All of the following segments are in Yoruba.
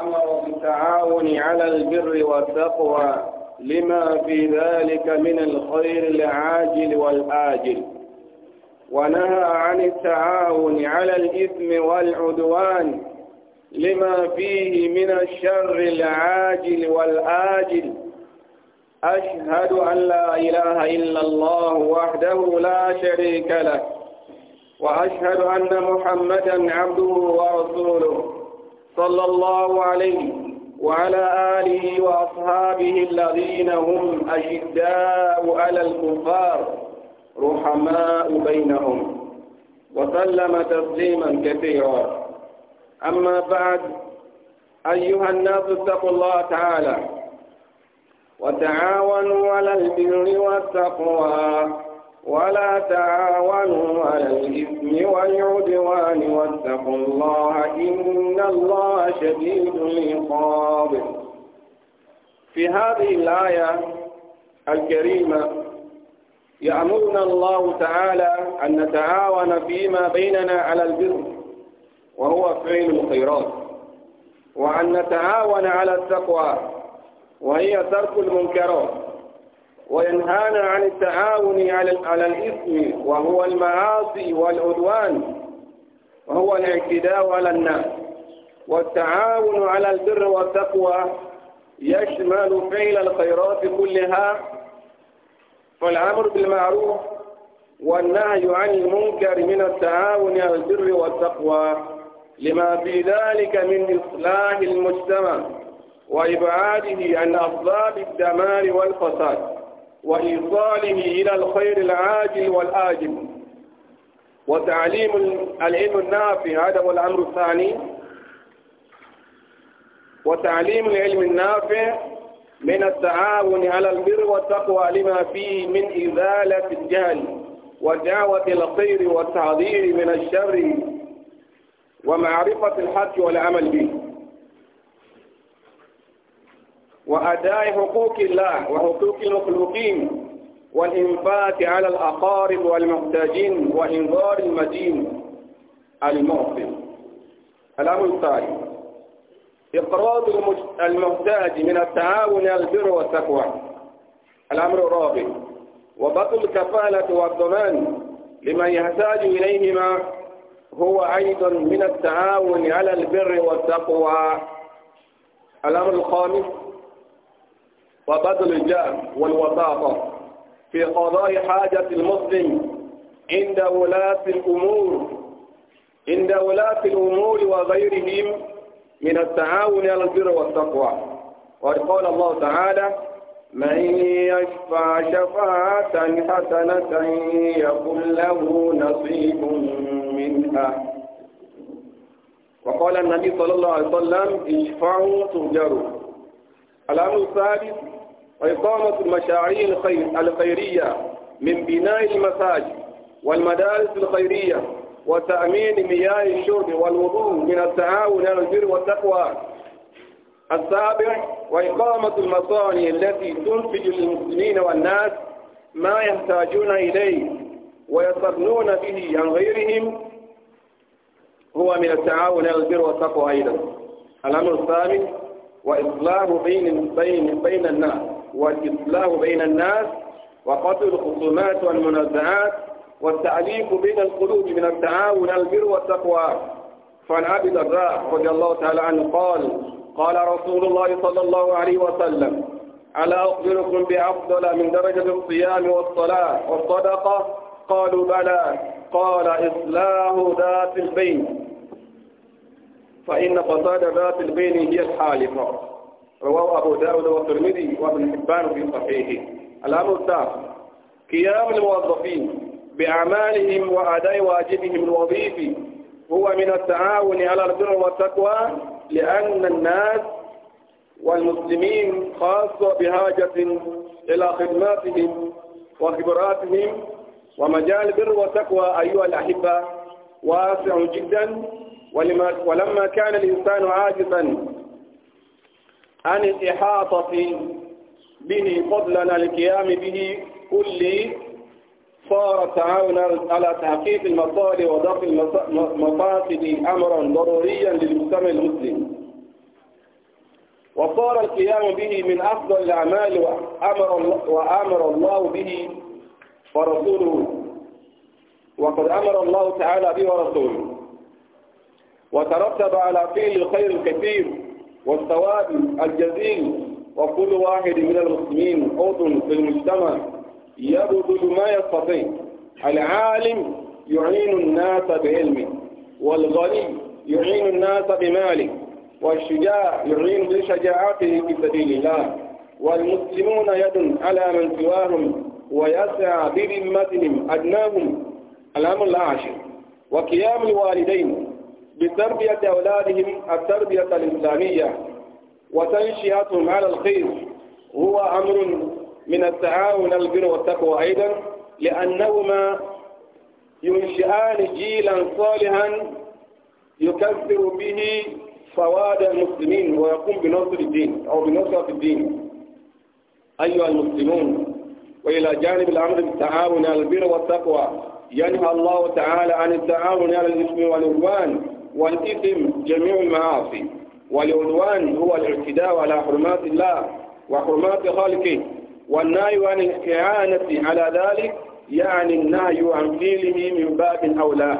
أمر بالتعاون على البر والتقوى لما في ذلك من الخير العاجل والآجل ونهى عن التعاون على الإثم والعدوان لما فيه من الشر العاجل والآجل أشهد أن لا إله إلا الله وحده لا شريك له وأشهد أن محمدا عبده ورسوله صلى الله عليه وعلى آله وأصحابه الذين هم أشداء على الكفار رحماء بينهم وسلم تسليما كثيرا أما بعد أيها الناس اتقوا الله تعالى وتعاونوا على البر والتقوى ولا تعاونوا على الإثم والعدوان واتقوا الله إن الله شديد العقاب في هذه الآية الكريمة يأمرنا الله تعالى أن نتعاون فيما بيننا على البر وهو فعل الخيرات وأن نتعاون على التقوى وهي ترك المنكرات وينهانا عن التعاون على الإثم وهو المعاصي والعدوان وهو الاعتداء على الناس والتعاون على البر والتقوى يشمل فعل الخيرات كلها فالأمر بالمعروف والنهي عن المنكر من التعاون على البر والتقوى لما في ذلك من إصلاح المجتمع وإبعاده عن أسباب الدمار والفساد وإيصاله إلى الخير العاجل والآجل وتعليم العلم النافع هذا هو الأمر الثاني وتعليم العلم النافع من التعاون على البر والتقوى لما فيه من إزالة الجهل ودعوة الخير والتحذير من الشر ومعرفة الحق والعمل به وأداء حقوق الله وحقوق المخلوقين والإنفاق على الأقارب والمحتاجين وإنذار المدين المغفر الأمر الثاني إقراض المحتاج من التعاون على البر والتقوى الأمر الرابع وبطل الكفالة والضمان لمن يحتاج إليهما هو أيضا من التعاون على البر والتقوى الأمر الخامس وبدل الجهد والوساطة في قضاء حاجة المسلم عند ولاة الأمور عند ولاة الأمور وغيرهم من التعاون على البر والتقوى وقد قال الله تعالى من يشفع شفاعة حسنة يكن له نصيب منها وقال النبي صلى الله عليه وسلم اشفعوا تهجروا الأمر الثالث إقامة المشاريع الخير الخيرية من بناء المساجد والمدارس الخيرية وتأمين مياه الشرب والوضوء من التعاون على البر والتقوى السابع وإقامة المصانع التي تنتج للمسلمين والناس ما يحتاجون إليه ويصرنون به عن غيرهم هو من التعاون على البر والتقوى أيضا الأمر الثامن وإصلاح بين بين بين الناس والإصلاح بين الناس وقتل الخصومات والمنازعات والتعليق بين القلوب من التعاون البر والتقوى فعن أبي الدرداء رضي الله تعالى عنه قال قال رسول الله صلى الله عليه وسلم ألا أخبركم بأفضل من درجة الصيام والصلاة والصدقة قالوا بلى قال إصلاح ذات البين فإن فساد ذات البين هي الحالفة رواه أبو داود والترمذي وابن حبان في صحيحه الأمر الثالث قيام الموظفين بأعمالهم وأداء واجبهم الوظيفي هو من التعاون على البر والتقوى لأن الناس والمسلمين خاصة بحاجة إلى خدماتهم وخبراتهم ومجال البر والتقوى أيها الأحبة واسع جدا ولما, ولما كان الإنسان عاجزا عن الإحاطة به فضلا القيام به كله صار التعاون على تحقيق المصالح وضبط المقاصد أمرا ضروريا للمجتمع المسلم وصار القيام به من أفضل الأعمال وأمر, وأمر الله به ورسوله وقد أمر الله تعالى به ورسوله وترتب على فعل الخير الكثير والثواب الجزيل وكل واحد من المسلمين عضو في المجتمع يبذل ما يستطيع العالم يعين الناس بعلمه والغني يعين الناس بماله والشجاع يعين بشجاعته في سبيل الله والمسلمون يد على من سواهم ويسعى بذمتهم أدناهم الأمر العاشر وقيام الوالدين بتربية أولادهم التربية الإسلامية وتنشئتهم على الخير هو أمر من التعاون البر والتقوى أيضا لأنهما ينشئان جيلا صالحا يكثر به فواد المسلمين ويقوم بنصر الدين أو بنصرة الدين أيها المسلمون وإلى جانب الأمر بالتعاون على البر والتقوى ينهى الله تعالى عن التعاون على الإثم والعدوان والإثم جميع المعاصي والعدوان هو الاعتداء على حرمات الله وحرمات خلقه والنهي عن الاستعانة على ذلك يعني النهي عن فعله من باب أولى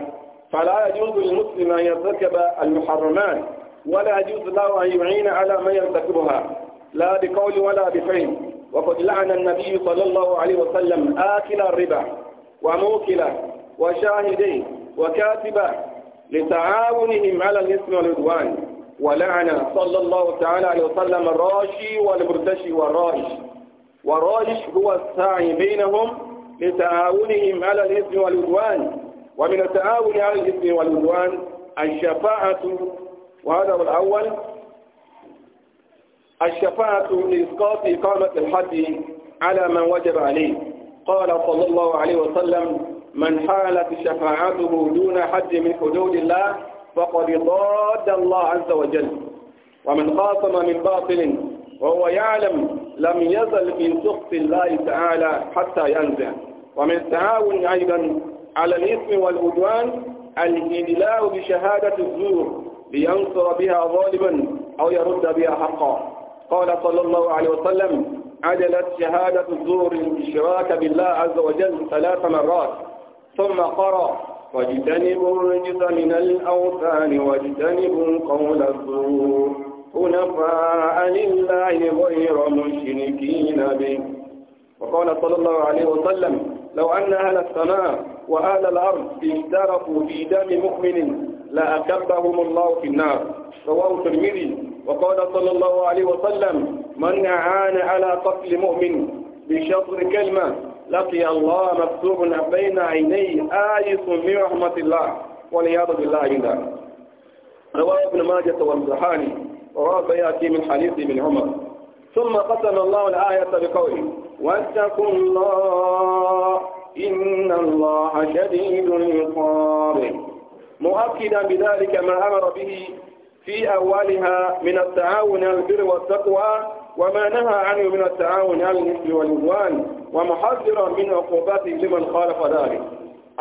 فلا يجوز للمسلم أن يرتكب المحرمات ولا يجوز له أن يعين على من يرتكبها لا بقول ولا بفعل وقد لعن النبي صلى الله عليه وسلم آكل الربا وموكله وشاهديه وكاتبه لتعاونهم على الإثم والعدوان ولعن صلى الله تعالى عليه وسلم الراشي والمرتشي والراجش والراجش هو الساعي بينهم لتعاونهم على الإثم والعدوان ومن التعاون على الإثم والعدوان الشفاعة وهذا هو الأول الشفاعة لإسقاط إقامة الحد على من وجب عليه قال صلى الله عليه وسلم من حالت شفاعته دون حد من حدود الله فقد ضاد الله عز وجل ومن خاصم من باطل وهو يعلم لم يزل في سخط الله تعالى حتى ينزع ومن التعاون أيضا على الإثم والعدوان الإدلاء بشهادة الزور لينصر بها ظالما أو يرد بها حقا قال صلى الله عليه وسلم عدلت شهادة الزور الإشراك بالله عز وجل ثلاث مرات ثم قرأ واجتنبوا الرجس من الأوثان واجتنبوا قول الزور حنفاء لله غير مشركين به وقال صلى الله عليه وسلم لو أن أهل السماء وأهل الأرض اشتركوا في دم مؤمن لأكبهم الله في النار رواه الترمذي وقال صلى الله عليه وسلم من أعان على قتل مؤمن بشطر كلمة لقي الله مكتوب بين عينيه آيس من رحمة الله والعياذ بالله إلا رواه ابن ماجه والزحاني ورواه يأتي من حديث ابن عمر ثم قسم الله الآية بقوله واتقوا الله إن الله شديد العقاب مؤكدا بذلك ما أمر به في أولها من التعاون البر والتقوى وما نهى عنه من التعاون على الإثم والعدوان ومحذرا من عقوباته لمن خالف ذلك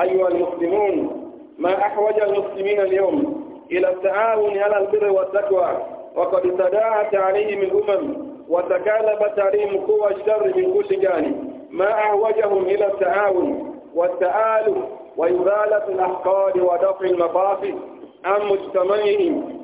أيها المسلمون ما أحوج المسلمين اليوم إلى التعاون على البر والتقوى وقد تداعت عليهم الأمم وتكالبت عليهم قوى الشر من كل جانب ما أحوجهم إلى التعاون والتآلف وإزالة الأحقاد ودفع المفاسد عن مجتمعهم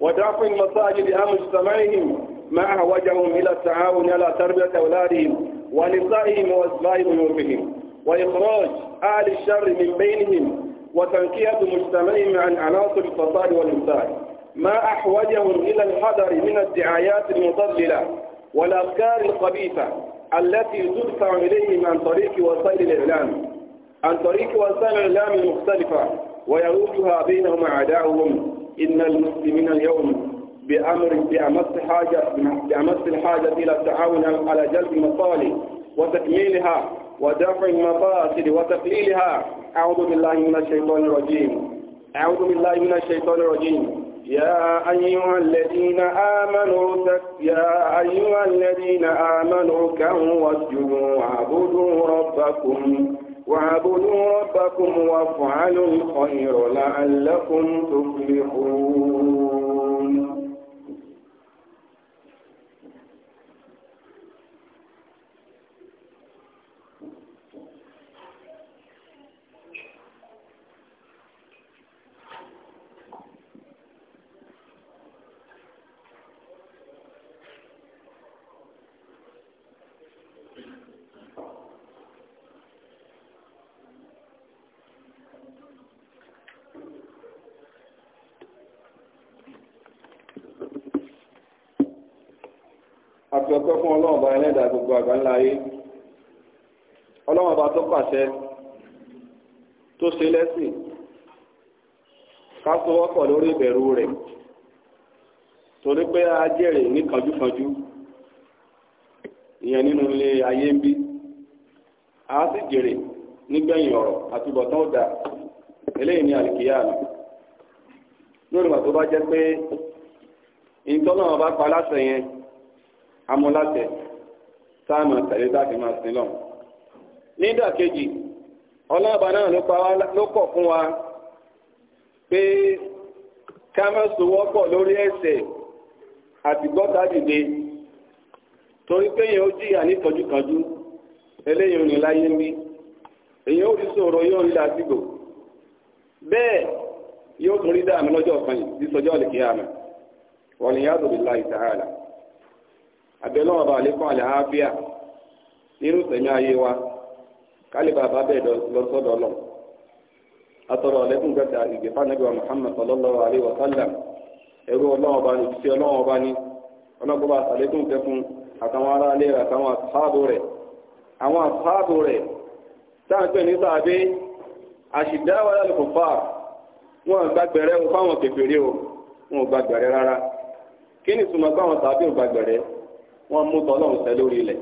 ودفع المساجد عن مجتمعهم ما أهوجهم إلى التعاون على تربية أولادهم ونسائهم وإصلاح أمورهم وإخراج أهل الشر من بينهم وتنقية مجتمعهم عن عناصر الفساد والإفساد ما أحوجهم إلى الحذر من الدعايات المضللة والأفكار الخبيثة التي تدفع إليهم عن طريق وسائل الإعلام عن طريق وسائل الإعلام المختلفة ويروجها بينهم أعداؤهم إن المسلمين اليوم بأمر بأمس حاجة بأمس الحاجة إلى التعاون على جلب المصالح وتكميلها ودفع المفاسد وتقليلها أعوذ بالله من الشيطان الرجيم أعوذ بالله من الشيطان الرجيم يا أيها الذين آمنوا يا أيها الذين آمنوا كونوا واسجدوا وعبدوا ربكم واعبدوا ربكم وافعلوا الخير لعلكم تفلحون ọpẹ́ fún ọlọ́run ọba gbogbo àgbáńlá ayé ọlọ́run ọba tó pàṣẹ tó ṣe lẹ́sìn ká lórí ìbẹ̀rù rẹ̀ torí a jèrè ní kanjúkanjú ìyẹn nínú ilé ayé ń a sì jèrè nígbẹ̀yìn ọ̀rọ̀ àtúbọ̀tán ọ̀dà eléyìí ní àlìkìyà mi lórí tó bá jẹ́ amúlátẹ sáàmù tẹ̀lé táàfì máa sin lọ. nídàkejì ọlọ́ọ̀bà náà ló kọ̀ fún wa pé ká wọ́pọ̀ lórí ẹ̀ṣẹ̀ àtìgbọ́ta dìde torí pé yẹn ó jìyà nítọ́júkanjú eléyìí ò láyé ń bí èyí ó sòrò bẹ́ẹ̀ yóò tún rí lọ́jọ́ kan yìí sísọjọ́ wọ́n yàtọ̀ bí láì abẹ́lẹ́ ọ̀bà àlékún àlàáfíà nínú sẹ̀mí ayé wa kálíbà bá lọ. nàbí wa Muhammad sallallahu alayhi wa sallam ẹ̀rú ọlọ́wọ́ bá ní ìfisẹ́ ọlọ́wọ́ bá ní ọlọ́gbọ́n bá àtàwọn ará rẹ̀ àtàwọn àtàbò rẹ̀ àwọn àtàbò rẹ̀ ní wọ́n mú tọ́lọ́run ṣẹ lórí ilẹ̀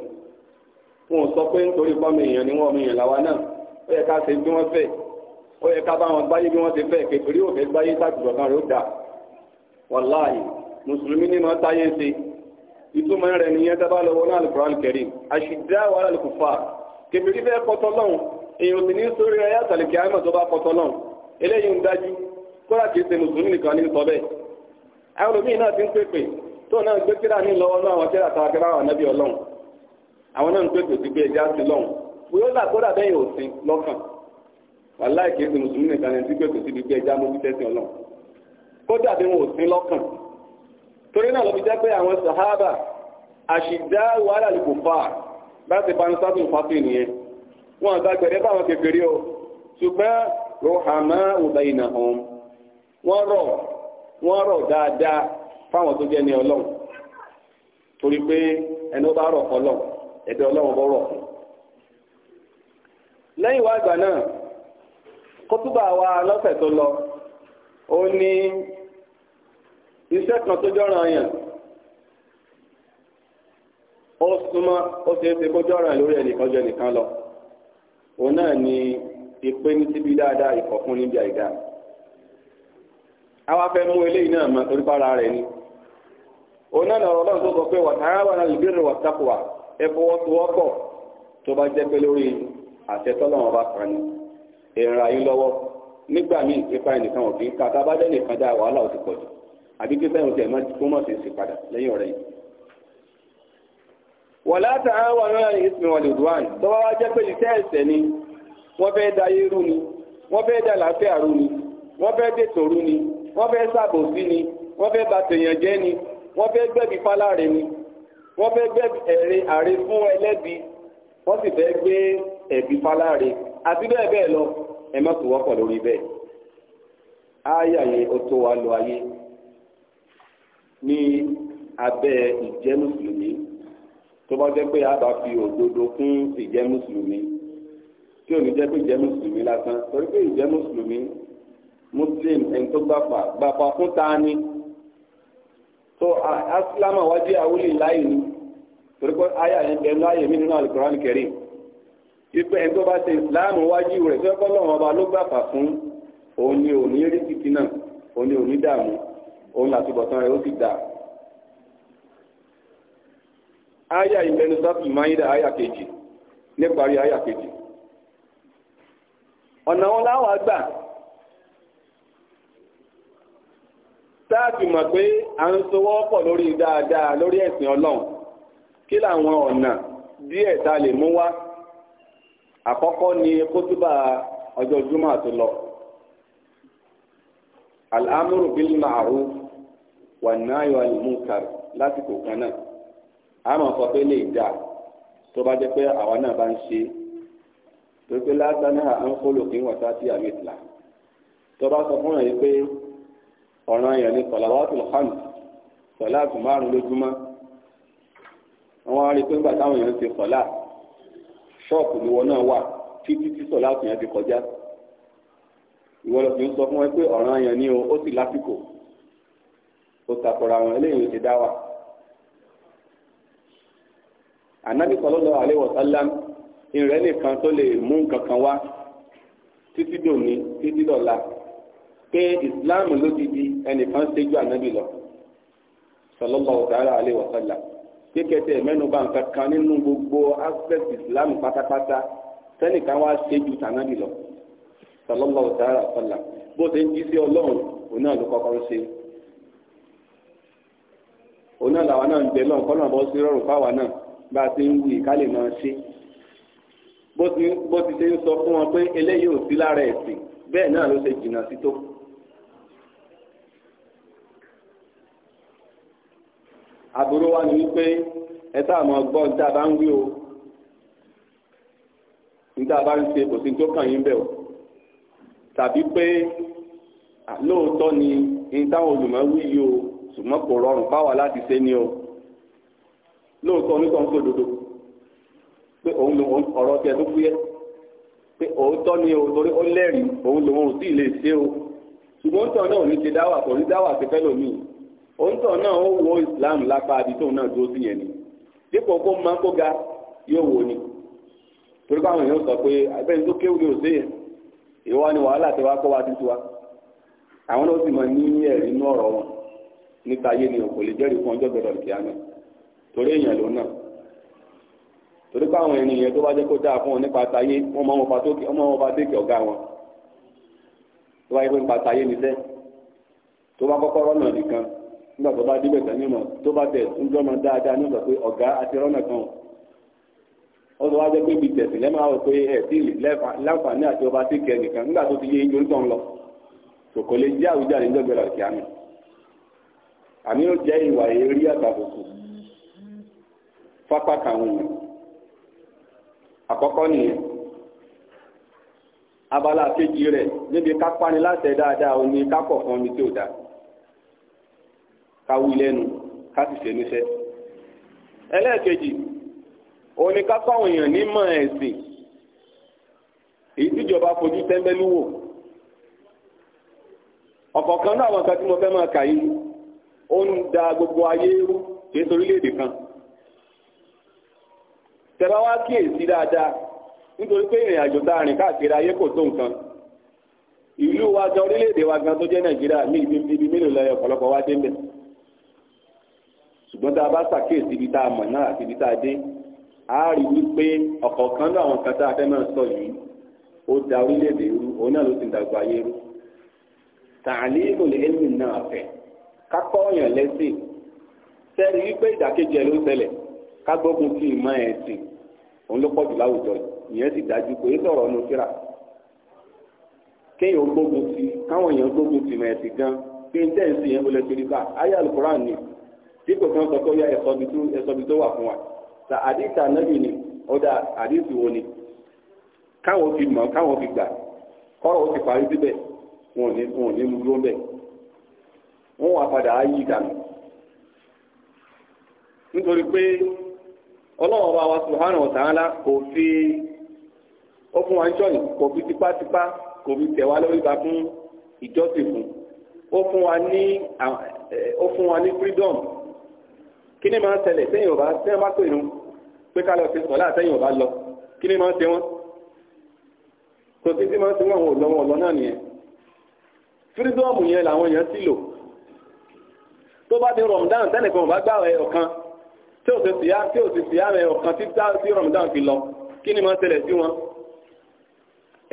wọn ò sọ pé nítorí pọ́mì èèyàn ni wọ́n mi yàn láwa náà ó yẹ ká ṣe bí wọ́n fẹ́ ó yẹ ká bá wọn gbáyé bí wọ́n ti fẹ́ kékeré òfé gbáyé sàtìgbọ̀ kan rẹ̀ ó dà wàláhì mùsùlùmí ni wọ́n táyé ṣe ìtumọ̀ rẹ̀ nìyẹn dábàá lọ́wọ́ náà Al-Qur'an Al-Karim àṣìdá wàhálà lè kò fà kékeré fẹ́ kọ́tọ́ lọ́hùn èèyàn sì ní sórí ayé àtàlẹ́kẹ́ àmọ̀ tó bá kọ́tọ́ lọ́hùn eléyìí ń dájú kóra kìí ṣe mùsùlùmí nìkan ní sọ bẹ́ẹ̀ àwọn olùmíì náà ti ń pèpè tó náà gbé kíra ní lọ́wọ́ náà àwọn kíra tàbí ra àwọn ànábì ọlọ́run àwọn náà ń pè pèsè pé ẹja sí lọ́hùn bóyá ọ̀là kódà bẹ́yìn òsín lọ́kàn wàláì kìí ṣe mùsùlùmí nìkan ẹni tí pé kò síbi pé mú fi tẹ́sìn ọlọ́run kódà bí wọn òsín lọ́kàn torí náà ló jẹ́ pé àwọn sàhábà àṣìdá wàhálà lè kò fà bá ti bani sátún fásitì nìyẹn wọn àgbà gbẹ̀rẹ́ báwọn kékeré o ṣùgbọ́n rohama ọ̀bẹ̀yìn fáwọn tó jẹ́ ní ọlọ́run torí pé ẹni ó bá rọ̀ kọ́ lọ́run ẹ̀dẹ̀ ọlọ́run bọ́ rọ̀ fún. lẹ́yìn wá àgbà náà kótóbà wa lọ́sẹ̀ tó lọ ó ní iṣẹ́ kan tó jọ́ràn yàn ó súnmọ́ ó ṣeé ṣe kó jọ́ràn lórí ẹnìkan jọ nìkan lọ òun náà ni ìpè ní síbi dáadáa ìkọ̀kún níbi àìdáa àwa fẹ́ mú eléyìí náà mọ torípàá ara rẹ̀ ni. ona na ọlọ́run tó sọ pé wàtáwàlá albirri wattaqwa ẹ fọwọ́sowọ́pọ̀ tó bá jẹ́ pé lórí àṣẹ tọ́lọ́run ọba kan ni lọ́wọ́ nígbà míì ẹnìkan ò fi ń ka tábá dẹ́ nìkan dá wàhálà ò ti pọ̀ jù àbí sí sí padà 'ala tó bá wá jẹ́ wọ́n fẹ́ da Irú wọ́n fẹ́ da làáfíà rú wọ́n fẹ́ ni wọ́n fẹ́ gbẹ̀bí fáláre ni wọ́n fẹ́ gbẹ̀bí ẹ̀rẹ́ àrẹ fún ẹlẹ́bi wọ́n sì fẹ́ gbé ẹ̀bí fáláre àti bẹ́ẹ̀ bẹ́ẹ̀ lọ ẹ má tún wọ́pọ̀ lórí bẹ́ẹ̀ ááyà yẹn ó tó wa lọ ayé ní abẹ́ ìjẹ́ mùsùlùmí tó bá jẹ́ pé a bá fi òdodo kún ìjẹ́ mùsùlùmí tí ò ní jẹ́ pé ìjẹ́ mùsùlùmí lásán torí pé ìjẹ́ mùsùlùmí muslim ẹni tó gbàpà gbàpà fún ta ni. so asilama wájú àwòlì láì ní toriko pé yẹn bẹ̀rù láàyè mí nínú alukoran kẹrin ipe ẹni tó bá ṣe ìsìláàmù wájú rẹ̀ tó kọ́ lọ́wọ́ ọba ló fún òun ni òní rí títí náà òun ni òní dààmú òun bọ̀tán ó dà. táàbì mọ̀ pé à ń sowọ́ pọ̀ lórí dáadáa lórí ẹ̀sìn ọlọ́run kí làwọn ọ̀nà díẹ̀ tá a lè mú wá àkọ́kọ́ ni kótóbà ọjọ́ júmọ̀ tó lọ al'amuru bil ma'ruf wà náà yọ al-munkar lásìkò kan náà a máa sọ pé lè dáa tó bá jẹ́ pé àwa náà bá ń ṣe tó pé lásán náà à ń kó lòkè wọ̀ta sí àmì ìtìlá tó bá sọ fún ẹ̀yìn pé ọ̀ràn yẹn ní sọ̀làwátù hàn sọ̀láàtù márùn lójúmọ́ àwọn arí pé nígbà táwọn èèyàn ti sọ̀lá ṣọ́ọ̀kù ni wọn náà wà títí tí sọ̀láàtù yẹn ti kọjá ìwọ lọ fi ń sọ fún wọn pé ọ̀ràn yẹn ni o ó sì lásìkò ó takora wọn eléyìí ti dá wà. ànábì sallallahu alaihi wasallam ìrẹ́ nìkan tó lè mú nǹkan kan wá títí dòní títí dọ̀la pé islam ló ti di ẹnìkan ṣẹ́jú ànábì lọ sallallahu ta'ala alaihi wa sallam kékeré mẹ́nubà nǹkan kan nínú gbogbo aspect islam pátápátá sẹ́nìkan wá ṣẹ́jú ànábì lọ sallallahu ta'ala alaihi wa sallam bó ṣe ń jí sí ọlọ́run òun náà ló kọ́kọ́ ṣe òun náà làwa náà ń bẹ lọ́n kọ́nà bọ́ sí rọrùn fáwa náà bá a ti ń wù ká lè máa ṣe bó ti ṣe ń sọ fún wọn pé eléyìí ò sí lára ẹ̀sìn bẹ́ẹ̀ náà ló ṣe jìnnà sí tó aburú wa ni wípé ẹ tá àmọ́ gbọ́ ní tá a bá ń wí o ní tá a bá ń ṣe kò sí tó kàn yín bẹ́ẹ̀ o tàbí pé lóòótọ́ ni ní táwọn olùmọ̀ wí yìí o ṣùgbọ́n kò rọrùn fáwa láti ṣe ni o lóòótọ́ onítọ̀ ń sòdodo pé òun lòun ọ̀rọ̀ tiẹ̀ tó fúyẹ́ pé òótọ́ ni o torí ó lẹ́rìí òun lòun ò sì lè ṣe o ṣùgbọ́n tọ̀ náà ò ní ṣe dáwà kò ní dáwà ṣe fẹ́ lòmíì òǹtọ̀ náà ó wo islam lápá àbí tóun náà dúró sí yẹn ni dípò kó máa kó ga yóò wò ni torí báwọn èèyàn sọ pé abẹ́ni tó kéwù ni ò yẹn ìwọ ni wàhálà tí wàá kọ́ wa títí wa àwọn náà sì máa ní ẹ̀rí inú ọ̀rọ̀ wọn níta ayé ni òkò lè jẹ́rìí fún ọjọ́ gbọdọ̀ kí náà torí èèyàn ló náà torí báwọn ènìyàn tó bá jẹ́ kó dáa fún wọn nípa wọn ọ̀gá nígbà tó bá débẹ̀ tán ní ọmọ tó bá tẹ̀ ń dọ́mọ dáadáa pé ọ̀gá àti rọ́nà kan ó sọ wá jẹ́ pé ibi tẹ̀sí lẹ́mọ̀ àwọn pé ẹ̀ sí láǹfààní àti ọba tí kẹ nìkan nígbà tó ti yé ijó ń lọ kò lè jẹ́ àwùjáde níjọ́gbẹ̀rẹ̀ ọ̀kẹ́ àmì àmì ó jẹ́ ìwà èrí abala rẹ̀ níbi láti ẹ̀ dáadáa kápọ̀ ká wí lẹ́nu ká sì ṣe níṣẹ́ ẹlẹ́ẹ̀kejì òun ni ká fáwọn èèyàn nímọ̀ ẹ̀sìn èyí tíjọba fojú tẹ́ńbẹ́lú wò ọ̀kọ̀ọ̀kan náà àwọn kan tí mo fẹ́ máa kà yìí ó ń da gbogbo ayé rú kìí ṣe orílẹ̀-èdè kan tẹ́lá wá kíyèsí dáadáa nítorí pé ìrìn àjò tá káàkiri ayé kò tó nǹkan ìlú wa gan orílẹ̀-èdè wa gan tó jẹ́ nàìjíríà ní ibi mélòó lẹ́yìn ọ̀pọ̀lọpọ̀ wá dé mbẹ̀ ṣùgbọ́n tá a bá ṣàkíyèsí ibi tá a mọ̀ náà àti ibi tá a dé a rí wípé ọ̀kọ̀ọ̀kan náà àwọn kan tá a fẹ́ máa sọ yìí ó da orílẹ̀-èdè rú òun náà ló ti dàgbà ayé rú tààlí ìròlé ẹ̀mí náà fẹ̀ kákọ́ ọ̀yàn lẹ́sìn sẹ́ni wípé ìdàkejì ẹ̀ ló ń kágbógun ti ìmọ̀ ẹ̀sìn òun ló pọ̀jù láwùjọ ìyẹn sì dájú pé é sọ̀rọ̀ ọ̀nà síra kéèyàn gbógun ti káwọn èèyàn gbógun ti mọ̀ ẹ̀sìn gan pé ń tẹ̀sí yẹn ó torí bá ayé alukóra ni dípò kan sọ pé ẹ̀sọ́bi tó wà fún wa ta àdìsí ànábì ni ọ̀dà wo ni káwọn fi mọ̀ káwọn fi gbà kọ́rọ̀ ó ti parí síbẹ̀ wọn ò ní mú wà padà á yí nítorí pé ọlọ́wọ́ bá wa subhanahu wa ta'ala kò fi ó fún wa freedom kí ni máa ń tẹ̀lé sẹ́yìn ọba tí wọ́n bá pè nù pé ká lọ sí sọ́lá sẹ́yìn ọba lọ kí ni máa ń tẹ wọ́n tó ti ti máa ń tẹ wọ́n àwọn òlọ́wọ́ ọ̀lọ́ náà nìyẹn fírídọ́ọ̀mù yẹn làwọn èèyàn ti lò tó bá ti rọ̀mùdáhùn tẹ́nìkan ọba gbà ẹ̀ ọ̀kan tí ò ti fìyà tí ò ti fìyà ẹ̀ ọ̀kan tí rọ̀mùdáhùn fi lọ kí máa ń sí wọn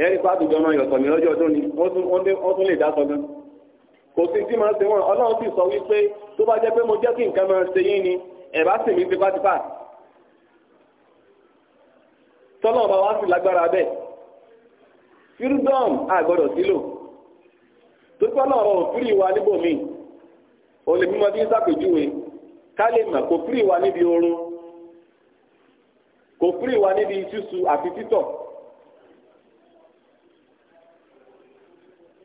ẹ̀rí pàtó gan-an kò sí tí máa ń ṣe ọlọ́run sì sọ wípé tó bá mo jẹ́ kí nǹkan máa ṣe yín ni ẹ̀ sì mí tipátipá tọ́lọ́run bá wá sí lágbára bẹ́ẹ̀ freedom àgbọ̀dọ̀ sílò tó tọ́lọ́ ọ̀rọ̀ òfìrí wa níbòmí o lè mímọ bí ń sàpèjúwe ká lè mọ̀ kò fìrí wa níbi oorun kò fìrí wa níbi sísu àti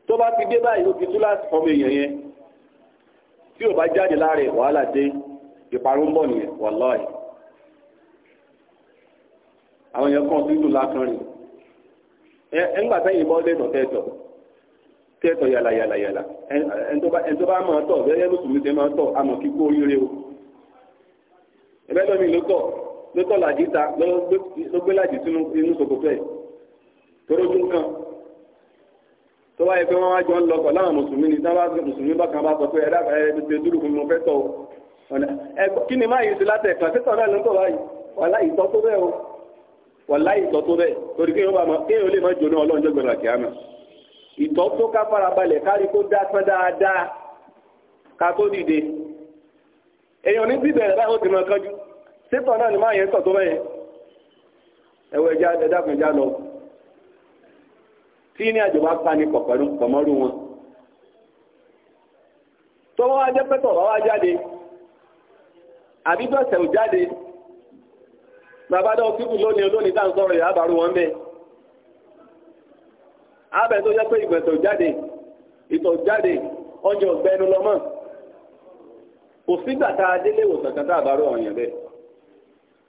tó bá ti dé báyìí ó ti tú láti fọmọ èèyàn yẹn tí ò bá jáde láàrẹ wàhálà dé ìparun ń bọ̀ nìyẹn wàláì àwọn èèyàn kan tún lù lákan rìn ẹ ẹ ńgbà sẹ́yìn bọ́ lẹ́tọ̀ tẹ́tọ̀ tẹ́tọ̀ yàlà yàlà yàlà ẹni tó bá máa tọ̀ bẹ́ẹ̀ mùsùlùmí ṣe máa tọ̀ àmọ̀ kíkó oríire o ẹ̀bẹ́ lómi ló tọ̀ làjí ta ló gbé làjí sínú inú ẹ̀ torójú kan tó wáyé pé wọ́n wá jọ ń lọ pọ̀ láwọn mùsùlùmí ni táwọn mùsùlùmí bákan bá sọ pé ẹ̀dá ẹ̀ẹ́dẹ́gbẹ̀ẹ́ dúró fún mi mo fẹ́ tọ̀ ọ́ kí ni máa yìí sí látẹ̀kàn sí tọ̀nà ló ń tọ̀ báyìí wàlá ìtọ́ tó bẹ́ẹ̀ o wàlá ìtọ́ tó bẹ́ẹ̀ torí kéèyàn bá máa kéèyàn lè máa jóná ọlọ́njọ́ gbọ̀dọ̀ kíámà ìtọ́ tó ká farabalẹ̀ kárí kó dá tán dáadáa ká tó dìde èèyàn ní bíbẹ̀rẹ̀ báyìí ó ti máa kánjú sétọ̀ náà ni máa yẹn tọ̀ tó bẹ́ẹ̀ ẹ̀wọ̀ ẹ̀dá ẹ̀dá kan já lọ tí ní àjò bá pa ni kọ̀mọ́rú wọn tó wọ́n wá jẹ́ pẹ́tọ̀ bá wá jáde àbí bọ́sẹ̀ ò jáde bàbá dọ́ kíkù lónìí olónìí tá à ń sọ̀rọ̀ yìí àbárú wọn bẹ́ẹ̀ abẹ tó jẹ́ pé ìgbẹ̀tọ̀ jáde ìtọ̀ jáde ọjọ́ ọ̀gbẹ́nu lọ́mọ́ kò sígbà tá a délé ìwòsàn kan tá a bá rọ ọ̀yàn bẹ́ẹ̀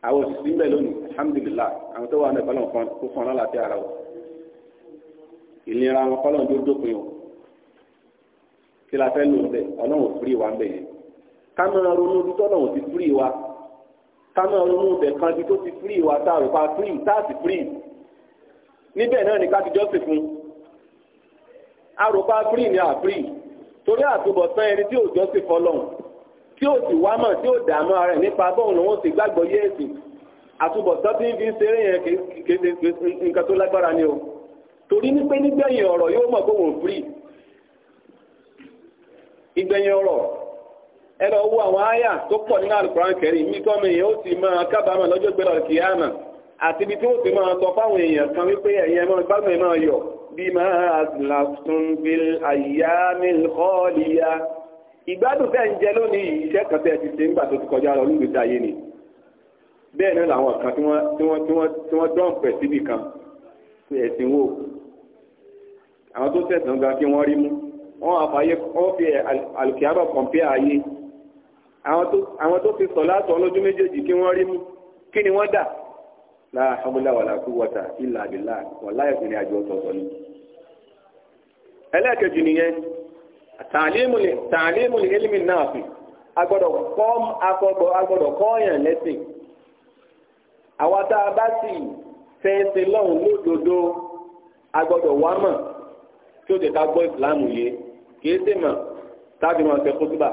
àwọn òṣìṣẹ́ ń bẹ lónìí alhamdulillah àwọn tó wà ní ìbálòpọ̀ kó fọ́n lọ́la sí ara wọn. ìlera wọn kọ́lọ́n tó dópin o kí la fẹ́ lò ń bẹ̀ ọlọ́run fúri wa ń bẹ̀ yẹn ká máa ronú ibi tọ́lọ́run ti fúri wa ká máa ronú ibẹ̀ kan ibi tó ti fúri wa tá a rò pa fúri tá a sì fúri níbẹ̀ náà ni ká ti jọ́sìn fún a rò pa fúri ni a fúri torí àtúbọ̀tán ẹni tí ò jọ́sìn fọlọ́run tí ó sì wá mọ̀ tí ó dààmú ara ẹ̀ nípa bọ́ọ̀n lòun ti gbàgbọ́ yéèsì àtúbọ̀tán tí ń fi ń ṣeré yẹn kéde nǹkan tó lágbára ni o. torí ní pé nígbẹ̀yìn ọ̀rọ̀ yóò mọ̀ pé wọ́n fúri ìgbẹ̀yìn ọ̀rọ̀ ẹ lọ wo àwọn àyà tó pọ̀ nínú àlùkòrán kẹrin mi tọ́ mi ó sì máa kábàámọ̀ lọ́jọ́ gbẹ́dọ̀ kìíyàmà àti ibi tí ó ti máa sọ fáwọn èèyàn kan wípé ẹ̀yin ẹ̀mọ́ gbádùn ẹ̀ máa yọ̀ bima aslaftum bil ayyamil khaliya ìgbádùn tẹ́ ń jẹ lónìí iṣẹ́ kan tẹ́ ti ṣe ń gbà tó ti kọjá lọ lóògbé ayé ni bẹ́ẹ̀ náà làwọn kan tí wọ́n dọ́ǹpẹ̀ síbì kan ẹ̀sìn wo àwọn tó tẹ̀sán gan kí wọ́n rí mú wọ́n àfààyè wọ́n fi àlùkìyàbọ̀ kọ̀m̀pẹ́ ààyè àwọn tó fi sọ̀ látọ̀ ọlọ́dún méjèèjì kí wọ́n rí mú kí ni wọ́n dà la hawla wala quwwata illa billah wallahi kun ya jo to so ni eleke ji niyan ta'limu li ta'limu li ilmi nafi agbọ́dọ̀ kom agbọ́dọ̀ agbọ́dọ̀ ko lẹ́sìn àwa tá bá sì fẹ́ ṣe lohun lódodo agbọ́dọ̀ wa tí ó jẹ́ ká gbọ́ ìsìláàmù yìí kìí ṣe mọ̀ tábì máa ṣe kótóbà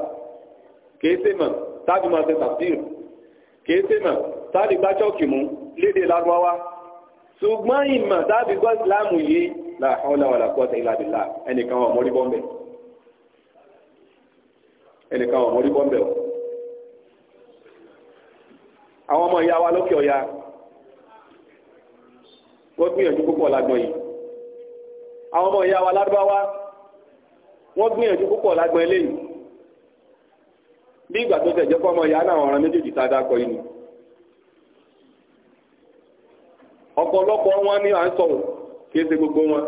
kìí ṣe mọ̀ tábì máa ṣe tàfsírù kìí ṣe mọ̀ tábì gbá chọ́ọ̀kì mú léde lárúbáwá ṣùgbọ́n ìmọ̀ tábì gbọ́ ìsìláàmù yìí la hawla wala quwwata illa billah ẹnìkan wà mórí bọ́m̀bẹ̀ ẹnìkan wà mórí bọ́m̀bẹ̀ o àwọn ọmọ ìyá wa lókè ọ̀ya wọ́n gbìyànjú púpọ̀ lágbọ́n yìí àwọn ọmọ ìyá wa lárúbáwá wọ́n gbìyànjú púpọ̀ lágbọn eléyìí bí ìgbà tó tẹ̀jọ́ pọ́ ọmọ ìyá náà ọ̀ràn méjèèjì tá a dákọ yìí ni ọ̀pọ̀lọpọ̀ wọn ni à ń sọ̀rọ̀ kí ṣe gbogbo wọn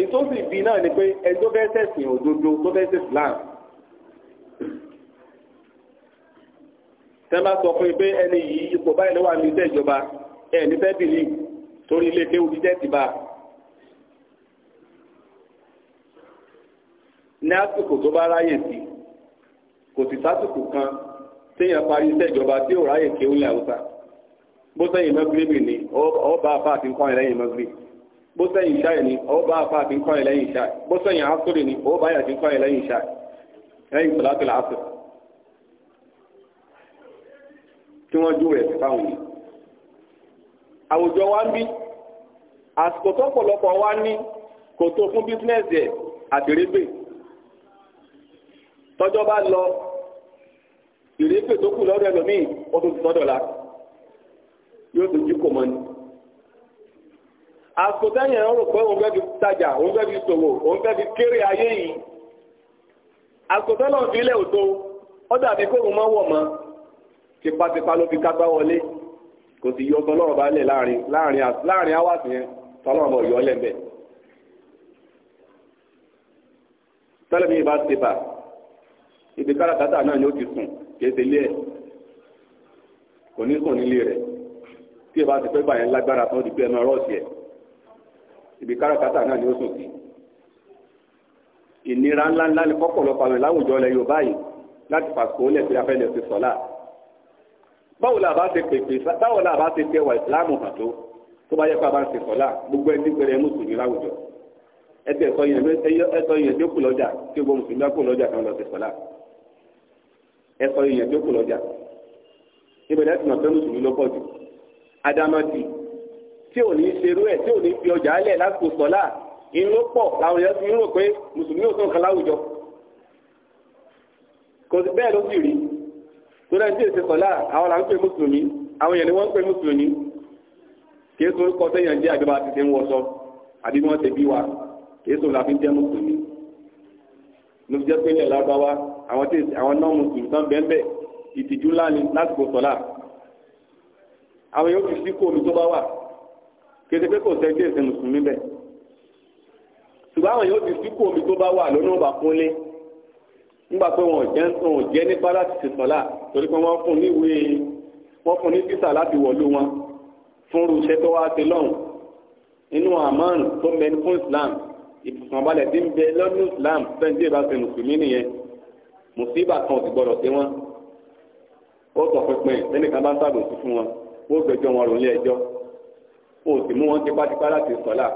ètò sì bí náà ni pé ẹni tó fẹ́ ṣẹ̀sìn òdodo tó fẹ́ ṣe Islam tẹ́ bá sọ fún mi pé ẹni yìí ipò báyìí ló wà ní iṣẹ́ ìjọba ẹ̀ ní fẹ́ bìlì torí ilé kéwù jíjẹ́ ti bá a ní àsìkò tó bá ráyè sí kò sì sásìkò kan téèyàn parí iṣẹ́ ìjọba tí ò ráyè kí ó ní àwùsá bó sẹ́yìn mọ́gírìbì ni ọba àfa àti nǹkan ẹ̀lẹ́yìn mọ́gírìbì bó sẹ́yìn ìṣáì ni ọba àfa àti nǹkan ẹ̀lẹ́yìn ìṣáì bó sẹ́yìn àásùrì ni ọba àyà àti nǹkan ẹ̀lẹ́yìn ìṣáì lẹ́yìn sọ̀látìlà àásùrì tí wọ́n júwèé sí fáwọn yìí. àwùjọ wa ń bí àsìkò tó pọ̀lọpọ̀ wa ní kò tó fún bísínẹ́sì ẹ̀ àtẹ̀rẹ́gbẹ̀ẹ́ tọ́jọ́ bá lọ ìrèpè tó kù lọ́dọ̀ ẹlòmíì ó tó ti sọ́dọ̀ la yóò tó jí kò mọ́ ni. àsìkò sẹ́yìn ẹ̀rọ pé òun fẹ́ fi tajà òun fẹ́ fi ṣòwò òun fẹ́ fi kéré ayé yìí àsìkò sẹ́lọ̀ fi ilẹ̀ òdo ó dàbí pé òun máa wọ̀ mọ́ tipátipá ló fi kápá wọlé kò sì yọ tọ́lọ́rọ̀ bá lẹ̀ láàrin láàrin yẹn tọ́lọ́rọ̀ bọ̀ yọ lẹ́bẹ̀ẹ́ tẹ́lẹ̀ mi ì bá ti bà ibi káràkátà náà ni ó ti sùn kìí ṣe ilé ẹ̀ kò ní sùn nílé rẹ̀ tí ìbá ti pẹ́ gbà lágbára tó di pé ẹnu ọ̀rọ̀ ọ̀sẹ̀ ibi káràkátà náà ni ó sùn sí. ìnira ńláńlá ni kọ́pọ̀lọpọ̀ àwọn ìláwùjọ ilẹ̀ Yorùbá yìí láti fàṣọ ó lẹ́sẹ̀ afẹ́lẹ́ ti sọ̀lá. báwo la bá ṣe pèpè báwo la bá ṣe tẹ wà ìsìláàmù pàtó tó bá yẹ pé a bá ń ṣe sọ̀lá gbogbo ẹni pẹrẹ mùsùlùmí láwùjọ ẹtọ ẹtọ yẹn ẹtọ yẹn tí ó kù lọ́jà tí gbogbo mùsùlùmí á kù lọ́jà kan lọ ṣe sọ̀lá ẹ̀kọ́ èèyàn tó kù lọ́jà ibẹ̀ láti mọ̀ pé mùsùlùmí ló pọ̀ jù adamadi tí ò ní ṣerú ẹ̀ tí ò ní fi ọjà alẹ̀ lásìkò sọ́lá inú pọ̀ làwọn èèyàn ti ń rò pé mùsùlùmí ò tó nǹkan láwùjọ kò sí bẹ́ẹ̀ ló sì rí tó lẹ́yìn tí èsì sọ́lá àwọn là ń mùsùlùmí àwọn èèyàn ni wọ́n ń pè mùsùlùmí kì í sọ orúkọ téèyàn jẹ́ àjọba àti ti ń wọṣọ àbí wọ́n ti bí wa kì í làfi jẹ́ mùsùlùmí ló fi jẹ́ pé ilẹ̀ lágbáwá àwọn tí àwọn náà mùsùlùmí tán bẹ́ẹ̀ ìtìjú ńlá ni lásìkò sọ́lá àwọn yóò fi sí kó omi tó bá wà kété pé kò sẹ́ńtì ẹ̀sìn mùsùlùmí bẹ̀ ṣùgbọ́n àwọn yóò fi sí kó omi tó bá wà lónà ọba kúnlé nígbà pé wọn jẹ́ wọn jẹ́ nípa láti ṣe sọ́lá torí pé wọ́n fún níwèé wọ́n fún ní físà láti wọ̀lú wọn fún irú tó wá ṣe lọ́hùn inú àmọ́rùn tó mẹ́ni fún Islam ìfọ̀kànbalẹ̀ tí ń bẹ lọ́nù islam fẹ́ǹtì ìbá ṣe mùsùlùmí nìyẹn mùsíbà kan ò sì gbọdọ̀ sí wọn ó sọ pínpín lẹ́nìkan bá ń ṣàbòsí fún wọn ó gbẹ́jọ́ wọn ròlé ẹjọ́ ó sì mú wọn tipátipá láti sọ́là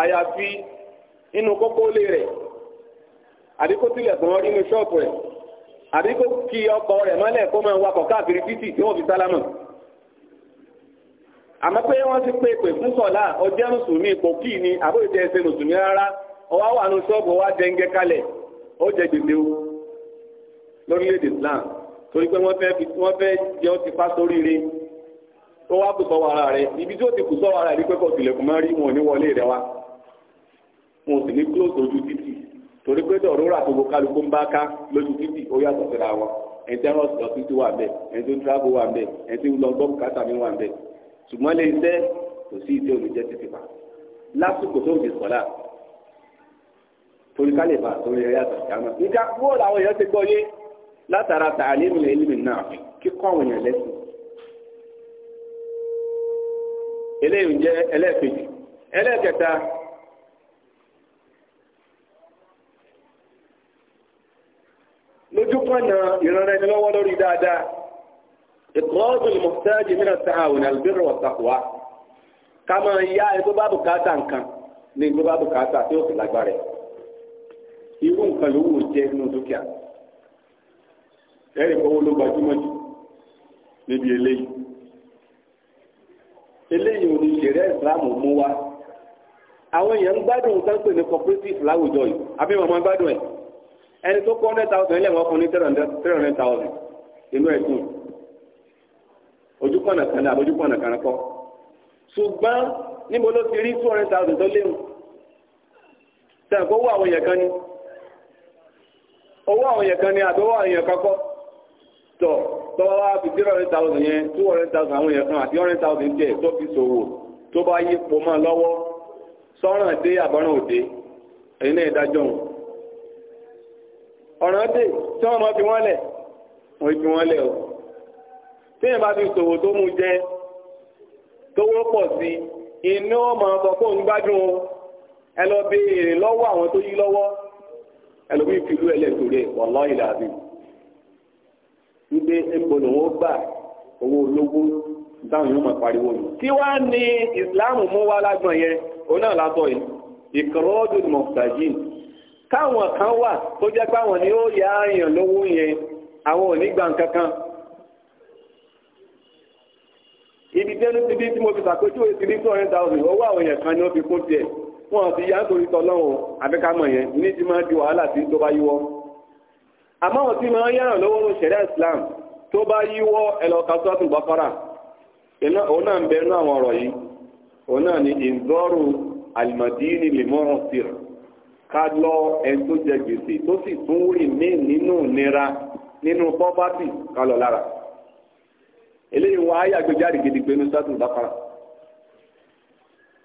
àyàfi inú kókó lé rẹ̀ àdíkó tilẹ̀ tó wọ́n rí inú ṣọ́ọ̀pù rẹ̀ àdíkó kí ọkọ̀ rẹ̀ mọ́lẹ̀ kó máa wakọ̀ káàkiri títì tí wọ́n fi sálámù àmọ́ pé wọ́n ti pé pè fún sọ̀lá ọjọ́ mùsùlùmí ipò kí ni àbóyè tẹ́ ṣe mùsùlùmí rárá ọwọ́ wà nù sọ́ọ̀bù wa dẹ́ngẹ́ kalẹ̀ ó jẹ gbèsè o lórílẹ̀‐èdè Islam torí pé wọ́n fẹ́ wọ́n fẹ́ jẹ́ ó ti pa sóríire tó wá kù sọ́wọ́ ara rẹ̀ ibi tí ó ti kù sọ́wọ́ ara rẹ̀ ní pẹ́kọ̀ tilẹ̀kùn máa rí wọn ní wọlé rẹ̀ wá wọn ò sì ní kúlóòtò ojú títì torí pé dọ̀rọ̀rà gbogbo kálukú ń bá ká lójú títì ó yàtọ̀ síra wọn ẹni tí wọ́n sọ̀tún ti wà bẹ́ẹ̀ ẹni tí ó ń tíráàbù wà bẹ́ẹ̀ ẹni tí ó ń lọ gbọ́ bùkátà mi wà bẹ́ẹ̀ ṣùgbọ́n lè ṣe kò sí ìdí omi jẹ́ títí pa lásìkò tó fi sọ̀lá torí ká lè bá torí ẹ̀rí àtàkàmọ́ nígbà kúrò làwọn èèyàn ti gbọ́ yé látara tààlímù ẹlẹ́mì náà kíkọ́ àwọn èèyàn lẹ́sìn eléyìí jẹ́ ẹlẹ́ẹ̀kejì ẹlẹ́ẹ̀kẹta lójúkọ̀nà ìrànlẹ́ni lọ́wọ́ lórí dáadáa ìkọ́jú ìmọ̀tẹ́jì من التعاون البر àlùbírò كما ká máa yá ẹni tó bá bùkátà nǹkan ní ẹni tó bá bùkátà tí ó sì lágbára ẹ̀ irú nǹkan ló wù jẹ́ nínú dúkìá ẹ̀rì kọ́wọ́ ló gbajúmọ̀ jù níbi eléyìí eléyìí ò ní ṣeré ìsìlámù mú wá àwọn èèyàn ń gbádùn nǹkan pè ní cooperative láwùjọ yìí àbí wọn máa gbádùn ẹ̀ ẹni tó kọ́ hundred thousand ilé fún ní three hundred thousand inú ẹ̀dùn ojúkọ̀nà kan ní àbójúkọ̀nà kan kọ́ ṣùgbọ́n níbo ló ti rí two hundred thousand tó léwu sẹ́yìn kó owó àwọn èèyàn kan ní owó àwọn èèyàn kan ní àti owó àwọn èèyàn kan kọ́ tọ̀ tọ́wọ́ wá fi three hundred thousand yẹn two hundred thousand àwọn èèyàn kan àti hundred thousand tiẹ̀ tó fi ṣòwò tó bá yí po mọ́ lọ́wọ́ sọ́ràn dé àbọ̀ràn òde ẹ̀yin náà ìdájọ́ òun ọ̀ràn dé tí wọ́n mọ̀ fi wọ́n lẹ̀ wọ́n fi wọ́n lẹ̀ o. téèyàn bá fi ṣòwò tó mú jẹ tówó pọ̀ sí iná ọmọ sọ pé òun gbádùn o ẹ lọ béèrè lọ́wọ́ àwọn tó yí lọ́wọ́ ẹlòmíì fìlú ẹlẹ́tòrè wọ̀lọ́ ìlàbí wípé epo lòun ó gbà owó olówó dáhùn yóò máa pariwo yìí. kí wá ní ìsìláàmù mú wá lágbọ̀n yẹn òun náà látọ̀ yìí ìkọ̀rọ̀ọ́dù mọ̀tàjì káwọn kan wà tó jẹ́ pé àwọn ni ó yá àyàn lówó yẹn àwọn ò ní gbà kankan ibi tẹ́lú ti bí tí mo fi ṣàpèjúwe ti ní two hundred thousand owó àwọn èèyàn kan ni wọ́n fi kún tiẹ̀ fún ọ̀sì ìyá nítorí tọ́lọ́run àbíkámọ̀ yẹn ní ti máa di wàhálà sí tó bá yíwọ́ àmọ́ wọn ti máa ń yàrá lọ́wọ́ ní ṣẹ̀dá Islam tó bá yíwọ́ ẹlọ́ka sọ́tún bọ́kọ́rà òun náà ń bẹ inú àwọn ọ̀rọ̀ yìí òun náà ni ìzọ́rù alimadini limọ́ràn sír ká lọ ẹni tó jẹ gbèsè tó sì tún rì mí nínú nira nínú pọ́pátì ká lọ lára eléyìí wọn ayé àgbéjáde gidigbe ní sátún bàkàrà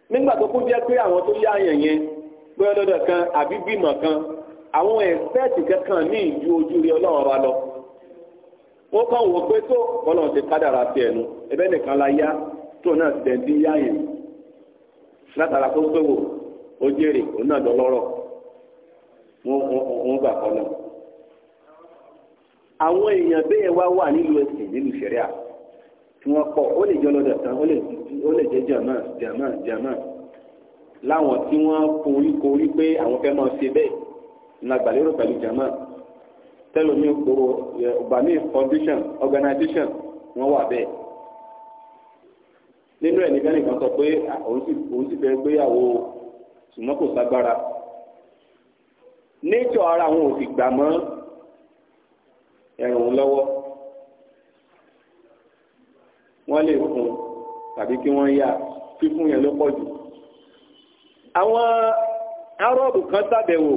nígbà tó kún jẹ́ pé àwọn tó yá àyàn yẹn bóyá dandan kan àbí bímọ kan àwọn ẹ̀sẹ̀tì kankan ní ìju ojú rí ọlọ́run ọba lọ wọ́n kàn wọ́n pé tó ọlọ́run ti kádàrà sí ẹnu ẹbẹ́ nìkan la yá tó náà ti dẹ̀ntì yá yẹn látara kó sówò ó jèrè òun náà dọlọ́rọ̀ wọ́n gbà kọ́ náà àwọn èèyàn bẹ́ẹ̀ wá wà nílùú ẹ̀sìn nílùú ṣẹ̀ríà tí wọ́n pọ̀ ó lè jọ lọ́dọ̀ kan ó lè jẹ́ jàmá jàmá jàmá láwọn tí wọ́n korí korí pé àwọn fẹ́ máa ṣe bẹ́ẹ̀ ní agbàlérò pẹ̀lú jàmá tẹ́lómi òkúrò ọ̀gbàmí foundation organization wọ́n wà bẹ́ẹ̀ nínú ẹ̀ nígbà nìkan sọ pé òun sì fẹ́ gbéyàwó ṣùgbọ́n kò ságbára nature ara àwọn ò sì gbà mọ́ ẹ̀rùn lọ́wọ́ wọ́n lè fún tàbí kí wọ́n yá fífún yẹn ló pọ̀ jù. àwọn arọ́ọ̀bù kan ṣàbẹ̀wò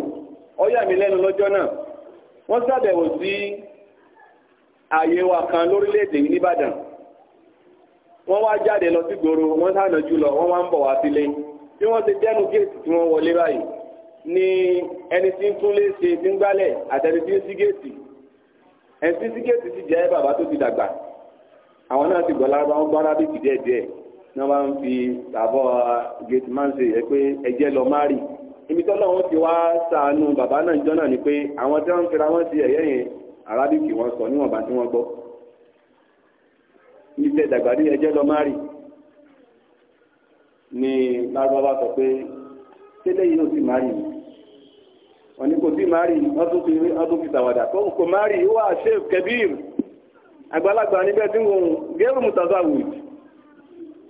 ó yà lẹ́nu lọ́jọ́ náà wọ́n ṣàbẹ̀wò sí ààyè wa kan lórílẹ̀‐èdè yìí nìbàdàn wọ́n wá jáde lọ sí gbòòrò wọ́n sànà jù lọ wọ́n wá ń bọ̀ wá sílé bí wọ́n ti dẹ́nu géètì tí wọ́n wọlé báyìí ni ẹni tí ń túnlé ṣe ti ń gbálẹ̀ àtẹni tí ń sí géètì ẹni tí sí géètì sì jẹ́ bàbá tó ti dàgbà àwọn náà ti gbọ́lá wọn gbọ́ arábìkì díẹ̀ díẹ̀ náà wọ́n fi àbọ̀ gate man ṣe yẹ pé ẹjẹ́ lọ márì ibi tọ́lọ́ wọn ti wá sàánú bàbá náà jọ náà ni pé àwọn tí wọ́n ń fira wọn sí ẹ̀yẹ́ yẹn arábìkì wọn sọ níwọ̀nba tí wọ́n gbọ́ ní tẹ dàgbàdì ẹjẹ́ lọ márì ni lárúbáwá sọ pé tẹ́lẹ̀ yìí ló ti márì ni wọ́n ní kò sí márì wọ́n tún fi wọ́n tún fi sàwádà kó kò márì wọ́n àṣẹ kẹbíìrì àgbàlagbà níbẹ̀ tí wọ́n gẹ́rù mùtàzà wùd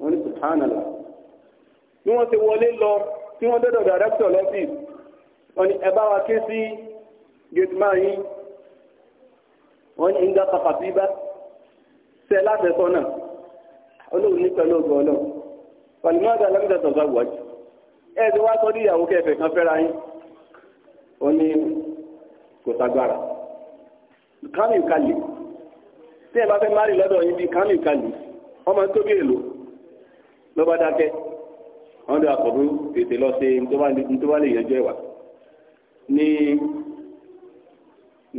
wọ́n ní sùhánàlá bí wọ́n ti wọlé lọ tí wọ́n dọ́dọ̀ dàrẹ́kítọ̀ lọ́fíìsì wọ́n ní ẹ bá wa ké sí gẹ̀tìmáà yín wọ́n ní ìgbà pàpàtì bá sẹ́ látẹ̀sọ́ náà olóòrùn ní pẹ̀lú ọgbọ̀n náà pàlùmọ́dà lámìdà tọ̀sà wùwájú ẹ ti wá sọ́dí ìyàwó kẹfẹ̀ kan fẹ́ra yín wọ́n ní kò sagbára kánú tí ẹ bá fẹ́ mari lọ́dọ̀ yín bíi kánú ìkàlù wọ́n máa ń tóbi èlò ló bá dákẹ́ wọ́n lè àkọ́bí tètè lọ sí ní tó bá ní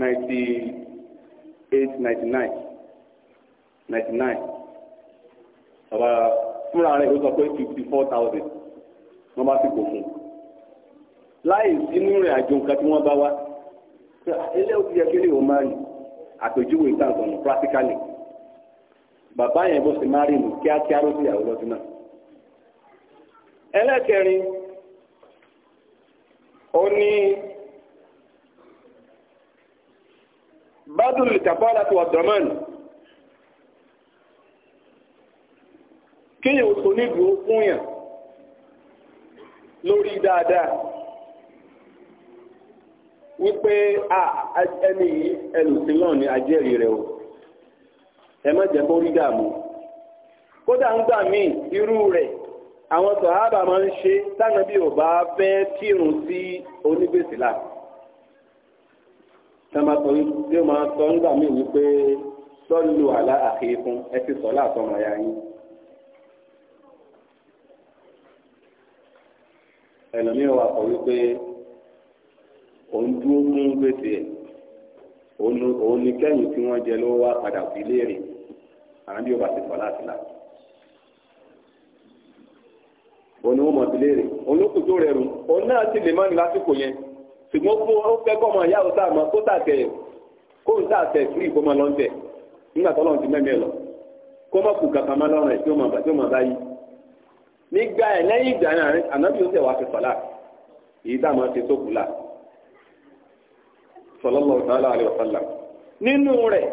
ninety eight ninety nine ninety nine ọba fúnra rẹ̀ ló sọ pé fifty four thousand wọ́n bá fi kò fún un láì sínú rẹ̀ àjò nǹkan tí wọ́n bá wá ilé òkú yẹ kí lè wọ́n máa yìí àpèjúwe ìtàgọ̀nù practically bàbá yẹn bó ṣe máa rí nù kíákíá ló sì yàwó lọ́dún náà. ẹlẹ́kẹrin ó ní bádùn ìtàpá láti wà dọ́mọ́nì kéèyàn ò nídùú fún yàn lórí dáadáa wípé ẹni ẹlùsìn náà ni ajẹ́rìí rẹ̀ o ẹ má jẹ́ kó rí dààmú kódà ń gbà míì irú rẹ̀ àwọn sọ̀hábà máa ń ṣe tánàbí ò bá fẹ́ kírun sí onígbèsè là tẹ́lẹ̀ sọ tí ó máa sọ nígbà míì wípé sọ́lù àlá àkẹ́kùn ẹ ti sọ láàtọ̀ ọmọ ya yín. ẹlòmíràn wà sọ wípé. òun dúró fún gbèsè ẹ̀ òun ni kẹ́yìn tí wọ́n jẹ ló wá padà sí léèrè àrùn bí ó bá ti pọ̀ láti là òun ni wọ́n mọ̀ sí léèrè òun ló kù tó rẹ̀ rù òun náà sì lè má ní lásìkò yẹn ṣùgbọ́n fún ó fẹ́ kọ́ ìyá kó sàtẹ̀ kó ń sàtẹ̀ lọ́ńtẹ̀ nígbà tó lọ́n ti mẹ́mẹ́ lọ kó kù kàkà má lọ́rùn ẹ̀ tí ó mọ̀ tí ó mọ̀ báyìí nígbà ẹ̀ lẹ́yìn ìgbà ó tẹ̀ wá sallallahu ta'ala alaihi wa sallam nínú rẹ̀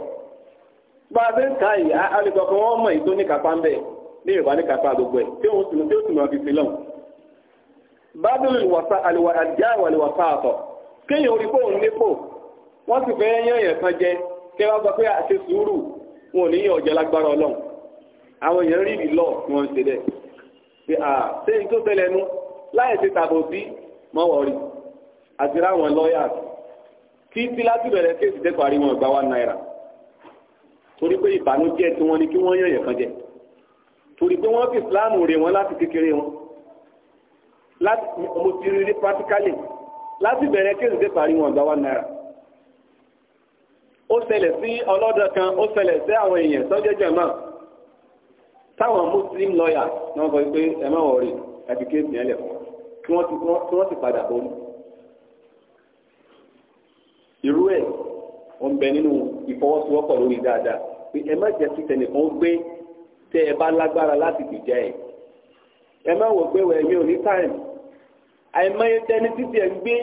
bá a ti ń ka yìí alùpùpù kan wọ́n mọ̀ ìtó ní kápá ń bẹ̀ ní yorùbá ní kápá gbogbo ẹ̀ tí ó sì mọ̀ fi sílọ̀ bábìlì wàsá àlùwà àjà àwàlùwàsá àtọ̀ kéèyàn orí fóun nípò wọ́n sì fẹ́ yán yẹn kan jẹ kí wọ́n gbọ́ pé àti sùúrù wọn ò ní yàn ọ̀jẹ̀ lágbára ọlọ́run àwọn èèyàn rí títí láti bẹ̀rẹ̀ kéèsì dẹ́kọ̀ àrí wọn gba wá náírà torí pé ìbànújẹ́ tí wọ́n ní kí wọ́n yẹ̀yẹ̀ kan jẹ torí pé wọ́n fi islam rè wọ́n láti kékeré wọn láti mo ti rí rí pátíkálì láti bẹ̀rẹ̀ kéèsì dẹ́kọ̀ àrí wọn gba wá náírà ó ṣẹlẹ̀ sí ọlọ́dọ̀ kan ó ṣẹlẹ̀ sí àwọn èèyàn sọ́jẹ́jẹ́ náà táwọn muslim lawyer náà sọ pé ẹ má wọrí àti fún wọn kí wọ́n ti padà borí irú ẹ̀ wọ́n bẹ nínú ìfọwọ́sowọ́pọ̀ lórí dáadáa pé ẹ má jẹ́ sí tẹnìkan gbé tẹ́ ẹ bá lágbára láti gbèjà ẹ̀ ẹ má wò pé wẹ̀mí ò ní táìmù àìmọye tẹni títí ẹ gbé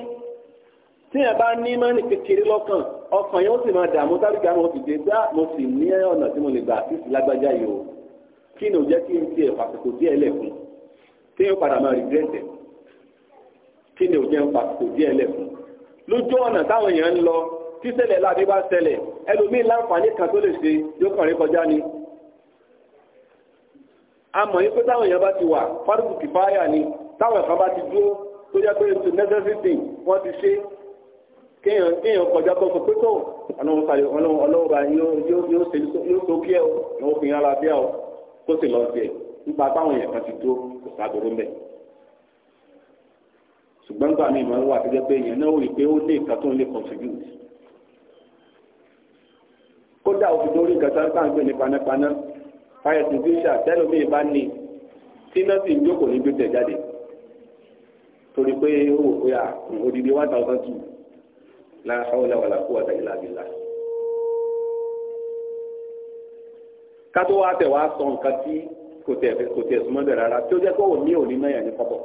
tí ẹ bá ní mọ́nì kékeré lọ́kàn ọkàn yóò sì máa dààmú tálíkà mo sì dé bá mo sì ní ọ̀nà tí mo lè gbà àtìsí lágbájá yìí o kí ni ò jẹ́ kí n tiẹ̀ fàṣẹkò díẹ̀ lẹ̀kùn kí n padà máa rìgírẹ́tẹ̀ kí ni ò jẹ́ n fàṣẹkò díẹ̀ lẹ̀kùn lójú ọ̀nà táwọn èèyàn ń lọ tí ṣẹlẹ̀ láti bá ṣẹlẹ̀ ẹlòmíì láǹfààní kan tó lè ṣe yóò kàn rí kọjá ni. a mọ̀ yín pé táwọn èèyàn bá ti wà fárúkù kìfáyà ni táwọn ẹ̀fọn bá ti dúró tó jẹ́ pé ètò necessary thing wọ́n ti ṣe kéèyàn kéèyàn kọjá tó sọ pé tó ọlọ́run sàlẹ̀ ọlọ́run ọlọ́run bá yóò so kí ẹ o ìwọ̀n fi hàn lábẹ́ ọ kó sì lọ sí ẹ nípa táwọn èèyàn kan ti dúró kò sáà ṣùgbọ́n gbà mí máa ń wà gẹ́gẹ́ pé èèyàn náà ò rí pé ó ní nǹkan tó ń lè contribute kódà òfin lórí nǹkan tó ń tàn gbé ní panápaná fire extinguisher tẹ́lómi bá ní tí náà sì ń jókòó níbi tẹ̀ jáde torí pé ó wò pé odidi one thousand two la hawla wala quwwata illa billah. ká tó wá tẹ̀ wá sọ nǹkan tí kò tẹ̀ súnmọ́ bẹ̀ rárá tí ó jẹ́ kó òní òní náà yà ní pọ̀pọ̀.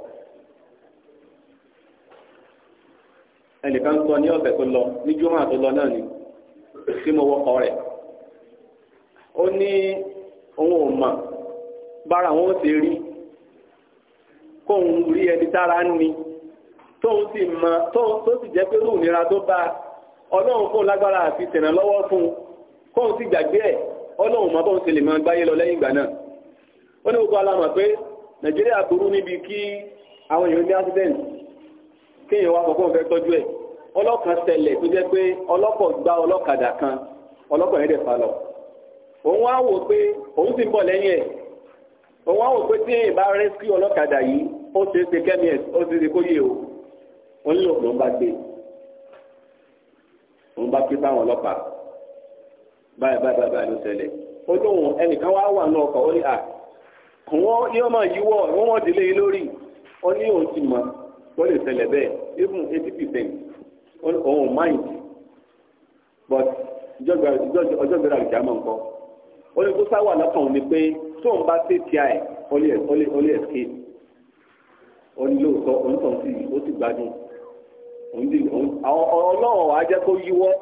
ẹnìkan sọ ní ọ̀sẹ̀ tó lọ ní júmọ̀ tó lọ náà ni tí mo wọkọ̀ rẹ̀ ó ní òun ò mọ̀ bára wọn ó ti rí kóun rí ẹni tára ni tóun sì mọ̀ tó sì jẹ́ pé lóun nira tó bá ọlọ́run fún lágbára àti tẹ̀nà lọ́wọ́ fún kóun sì gbàgbé ẹ̀ ọlọ́run mọ̀ bóun ṣe lè máa gbáyé lọ lẹ́yìn ìgbà náà ó ní gbogbo alamọ̀ pé nàìjíríà burú níbi kí àwọn èèyàn ní accident kéèyàn wá kọ́kọ́ fẹ́ tọ́jú ẹ̀ ọlọ́kan ṣẹlẹ̀ tó jẹ́ pé ọlọ́kọ̀ gbá ọlọ́kadà kan ọlọ́kọ̀ yẹn dẹ̀ fà lọ. òun wá wò pé òun ti ń bọ̀ lẹ́yìn ẹ̀ òun wá wò pé tí èèyàn bá rẹ́síkì ọlọ́kadà yìí ó ṣe é ṣe kẹ́mi ẹ̀ ó ṣe é ṣe kó yé o òun lò ló ń bá gbé òun bá gbé báwọn ọlọ́pàá báyìí báyìí báyìí ló ṣẹlẹ̀ ó lóun ẹnìkan wá wà ní ọkọ̀ ó ní à wọ́n yóò ó lè ṣẹlẹ̀ bẹ́ẹ̀ even eighty percent on mind but ọjọ́ gbéra ìjà mọ̀ nǹkan ó lè kó sáwà lọ́kàn ni pé tóun bá ṣe ti àì ó lè escape ó ní lóòótọ́ onítàn sí ó sì gbádùn ọlọ́run wàá jẹ́ kó yíwọ́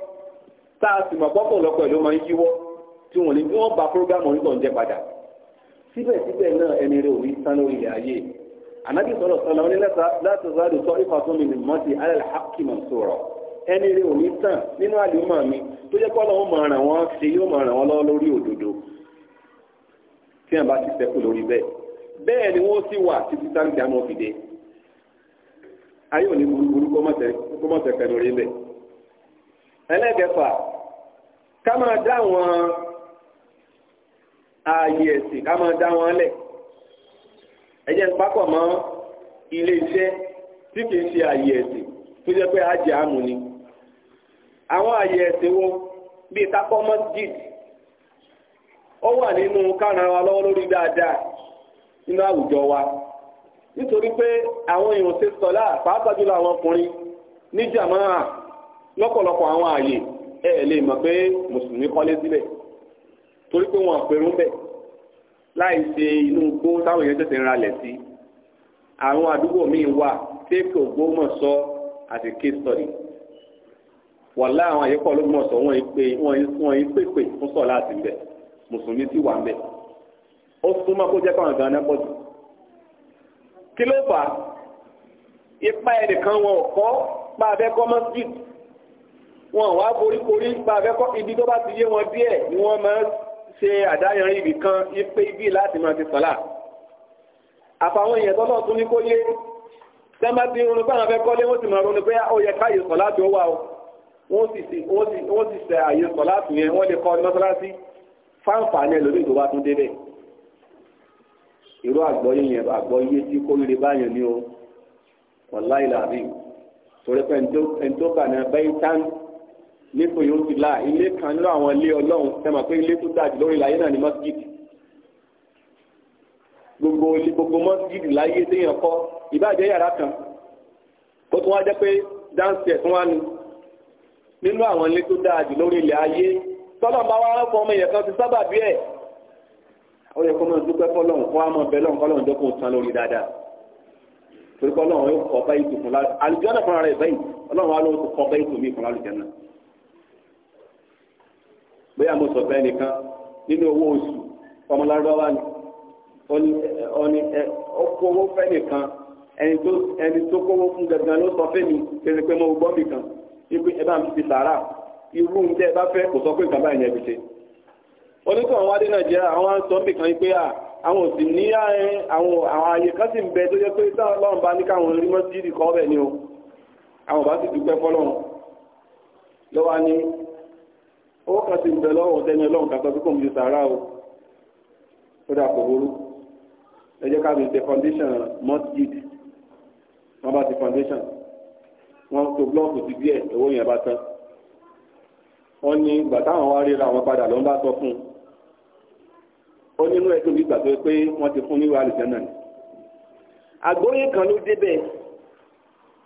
tá a sì mọ̀ pọ́pọ̀ lọ́pọ̀ ló máa ń yíwọ́ tí wọ́n ní bí wọ́n bá prógámù onítàn jẹ́ padà síbẹ̀síbẹ̀ náà ẹni rẹ̀ ò ní sán lórí ilẹ̀ ayé yìí anabi sọ̀rọ̀ sọ̀rọ̀ ní láti zádù sọ ipa tó mi nìmọ́ ti alẹ́ haqqi mansura ẹni rẹ ò ní tàn nínú àlùmọ́ mi tó jẹ́ kọ́ lọ́wọ́ máa ràn wọ́n ṣe yóò máa ràn wọ́n lọ́wọ́ lórí òdodo tí wọ́n bá ti sẹ́kù lórí bẹ́ẹ̀ bẹ́ẹ̀ ni wọ́n sì wà títí sáré dáná fìdé ayé òní burúburú kó mọ̀ tẹ̀kẹ́ lórí bẹ́ẹ̀ ẹlẹ́gẹ̀fà ká máa dá wọn ààyè ẹ̀sìn ká máa dá wọn lẹ̀ ẹ jẹ́ ń papọ̀ mọ́ ilé iṣẹ́ tí kì í ṣe àyè ẹ̀sìn tó jẹ́ pé àjẹ́ àmú ni àwọn àyè ẹ̀sìn wo bíi kápọ́ mọ́sídìd ó wà nínú kára wa lọ́wọ́ lórí dáadáa nínú àwùjọ wa nítorí pé àwọn èèyàn ṣe sọlá pàápàá jùlọ àwọn ọkùnrin ní jàmáà lọ́pọ̀lọpọ̀ àwọn àyè ẹ̀ lè mọ̀ pé mùsùlùmí kọ́lé síbẹ̀ torí pé wọn àpérún bẹ́ẹ̀ láì ṣe inú igbó táwọn èèyàn tẹ̀sẹ̀ ń ralẹ̀ sí àwọn àdúgbò míì wà tẹ́kì Ògbómọ̀ṣọ́ àti case study wàlá àwọn àyẹ́pọ̀ l'Ógbómọ̀ṣọ́ wọ́n yí pèpè fún sọ̀ láti bẹ̀ mùsùlùmí sì wà ń bẹ̀ ó súnmọ́ kó jẹ́ káwọn gan-an pọ̀ jù kí ló fà á ipa ẹnìkan wọn ò kọ́ pa abẹ́kọ́ mọ́sídìí wọn wá boríkorí pa abẹ́kọ́ ibi tó bá ti yé wọn díẹ̀ ni wọ́n máa ṣe àdáyanrí ibì kan pé ibi láti máa ti sọ̀lá àfàwọn èèyàn tó náà tún ní kó yé sẹ́mbà ti ronú pé àwọn fẹ́ kọ́lé wọ́n ti máa ronú pé ah, ó yẹ káyè sọ̀lá tó wà o wọ́n sì ṣe àyè sọ̀lá tó yẹn wọ́n lè kọ́ ní mọ́sálásí fáǹfààní ẹlòmíì tó bá tún débẹ̀ irú àgbọ́yé yẹn àgbọ́yé tí kò lè báyẹn ní o wàláì làbí torí pé ẹni tó kà ní abẹ́yìntàn lẹ́kọ̀ọ́ yóò ti la ilé kan nínú àwọn ilé ọlọ́run sẹ́mà pé ilé tó dájú lórí ilẹ̀ ayé náà ni mọ́sígìdì gbogbo ilé gbogbo mọ́sígìdì láyé téèyàn kọ́ ìbàjẹ́ yàrá kan ó tún wá jẹ́ pé dáńsì ẹ̀ tún wá nu nínú àwọn ilé tó dájú lórí ilẹ̀ ayé tọ́lọ̀ bá wá fọ ọmọ yẹn kan ti sábà bí ẹ̀ ó yẹ kó máa dúpẹ́ fọlọ́run kó wá mọ̀ bẹ́ẹ̀ lọ́run kọ́lọ́run dọ́kun tán lórí dáadáa torí kọ́lọ́run yóò kọ́ báyìí tó fún lálùjọ́nà fúnra rẹ̀ báyìí ọlọ́run wa ló kọ́ báyìí tó mí fún lálùjọ́nà bóyá mo sọ̀fẹ́ nìkan nínú owó oṣù ọmọlárúbáwá ni ọni ọkọ owó fẹ́ nìkan ẹni tó ẹni tó kówó fún gẹ̀gẹ̀ ló sọ fẹ́ mi kéde pé mo gbọ́ mi kan ibi ẹ bá mi fi sàárà irú ń tẹ́ ẹ bá fẹ́ kò sọ pé ìkàmbá ìyẹn fi ṣe. onítọ̀ àwọn adé nàìjíríà àwọn sọ mí kan pé àwọn òsì ní àwọn ààyè kan sì ń bẹ tó yẹ pé sáà lọ́run bá ní káwọn rí mọ́sídìí kọ́ bẹ̀ ni o àwọn bá sì dúpẹ́ fọ́lọ́run lọ́wọ́ ni ó kà sí ìbẹ̀ lọ́wọ́ tẹ́ni ọlọ́run kàtọ́ tó kò ní sàárà o ó dà kò burú ẹ jẹ́ ká fi ṣe foundation mosjid wọ́n bá ti foundation wọ́n tó blọ́ọ̀kù sí díẹ̀ owó yẹn bá tán wọ́n ní ìgbà táwọn wá ríra àwọn padà ló ń bá sọ fún un ó nínú ẹ̀dùn ìgbà tó pé wọ́n ti fún níwá àlùjẹ́ náà ni àgbóyè kan ló débẹ̀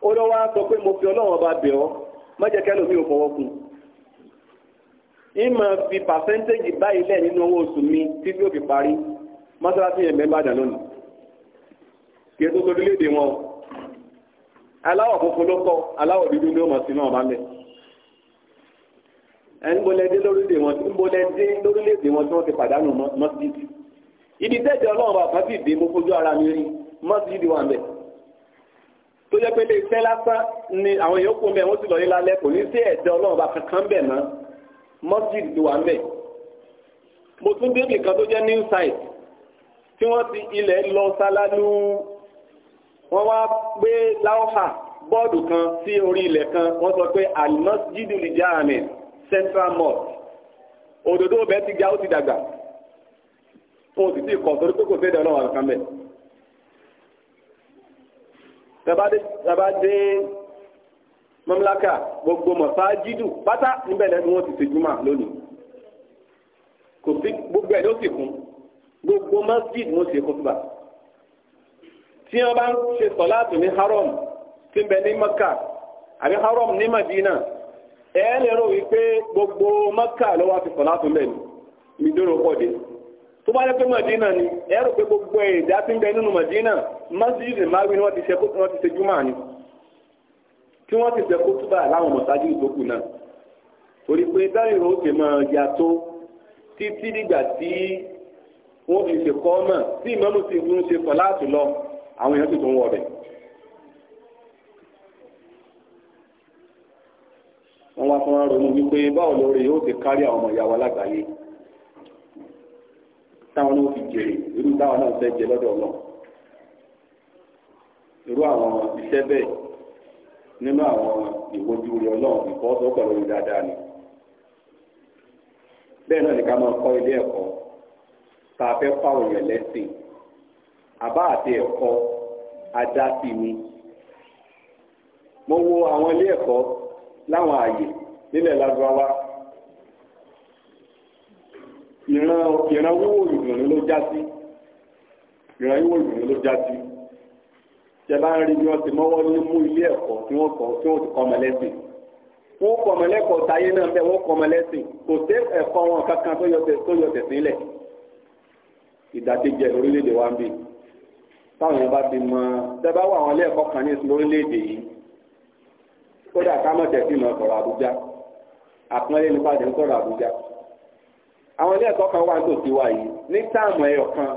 ó lọ́wọ́ á sọ pé mo fi ọlọ́run ọba bẹ̀ ọ́ má jẹ́ kẹ́lòmíì ò fọwọ́ kún ìmọ̀ fi pàṣẹ́ntéèjì báyìí lẹ̀ nínú owó oṣù mi tí yóò fi parí mọ́sálásí yẹn mẹ́bà dà lónìí kí ètò orílẹ̀-èdè wọn aláwọ̀ funfun ló kọ́ aláwọ̀ dúdú ni ó mọ̀ sí náà bá lẹ̀ ẹni gbọ́lẹ́dé lórílẹ̀-èdè wọn tí gbọ́lẹ́dé lórílẹ̀-èdè wọn tí wọ́n ti pàdánù mọ́sídìí ibi tẹ́jọ ọlọ́run bàbá sì dé mo fojú ara mi rí mọ́sídìí wà mẹ́ tó jẹ́ pé lè fẹ́ lásán ni àwọn yòókù mẹ́ wọ́n sì lọ yé lálẹ́ kò ní sí ẹ̀jẹ̀ ọlọ́run bàbá kankan bẹ̀ náà mosjid ti wà mẹ́ mo tún dé nìkan tó jẹ́ new site tí wọ́n ti ilẹ̀ lọ sálálú wọ́n wá gbé láwọ́hà bọ́ọ̀dù kan sí orí ilẹ̀ kan wọ́n sọ pé almasjidu lijami central mosque òdòdó ọbẹ̀ ti ga ó ti dàgbà fún òsì tí kọ̀ torí pé kò sí ẹ̀dẹ̀ ọlọ́wọ́ àkàmẹ́ tẹ́bá dé mọ́mílákà gbogbo mọ̀sáájídù pátá níbẹ̀ lẹ́nu wọn ti ṣe júmọ̀ lónìí kò sí gbogbo ẹ̀ ló sì kún gbogbo masjid mo ṣe kútùbà tí wọn bá ń ṣe sọláàtù ní haram tí ń bẹ ní maka àbí haram ní madina ẹ lè rò wípé gbogbo maka ló wá fi sọláàtù mẹ ní ìdúró pọ̀dé tó bá yẹ pé madina ni ẹ rò pé gbogbo ẹ̀dá tí ń bẹ nínú madina masjid mawin wọn ti ṣe júmọ̀ ni tí wọ́n ti fẹ́ kó túbà láwọn mọ̀sájú ìtókù náà torí pé dáìrò ó ti máa yàtọ̀ títí dìgbà tí wọ́n fi ṣe kọ́ náà tí ìmọ̀mù ti ń ṣe kọ́ láti lọ àwọn èèyàn sì tún wọ̀ bẹ̀. wọ́n wá fún wa ronú wípé báwo lóore yóò ti kárí àwọn ọmọ ìyá wa lágbàáyé táwọn náà fi jèrè irú táwọn náà fẹ́ jẹ lọ́dọ̀ ọlọ́run irú àwọn iṣẹ́ bẹ́ẹ̀ nínú àwọn ìwojú rẹ ọlọ́run ìkọ́ tó pẹ̀lú orí dáadáa ni bẹ́ẹ̀ náà ní ká máa kọ́ ilé ẹ̀kọ́ tá a fẹ́ fáwọn èèyàn lẹ́sìn àbá àti ẹ̀kọ́ ajá sí mi mo wo àwọn ilé ẹ̀kọ́ láwọn ààyè nílẹ̀ lágbáwá ìran ìran wíwò ló já sí ìran wíwò ló já sí. jẹba ń rí bí wọ́n ti mọ́wọ́ ní mú ilé ẹ̀kọ́ tí wọ́n kọ́ tí wọ́n ti kọ́ mọ́lẹ́sìn wọ́n kọ́ mọ́lẹ́kọ̀ọ́ táyé náà bẹ́ẹ̀ wọ́n kọ́ mọ́lẹ́sìn kò sí ẹ̀kọ́ wọn kankan tó yọ tẹ̀sí lẹ̀ ìdàkejì orílẹ̀-èdè wa ń bì táwọn yẹn bá ti mọ tẹ́bá wà wọn lẹ́ẹ̀kọ́ kan ní orílẹ̀-èdè yìí kódà ká mọ̀ tẹ̀sí mọ̀ Àbújá àpọ́nlé nípa àdé ń sọ̀rọ̀ Àbújá àwọn ilé ẹ̀kọ́ kan wà nítòsí wa yìí ní táàmù ẹyọ kan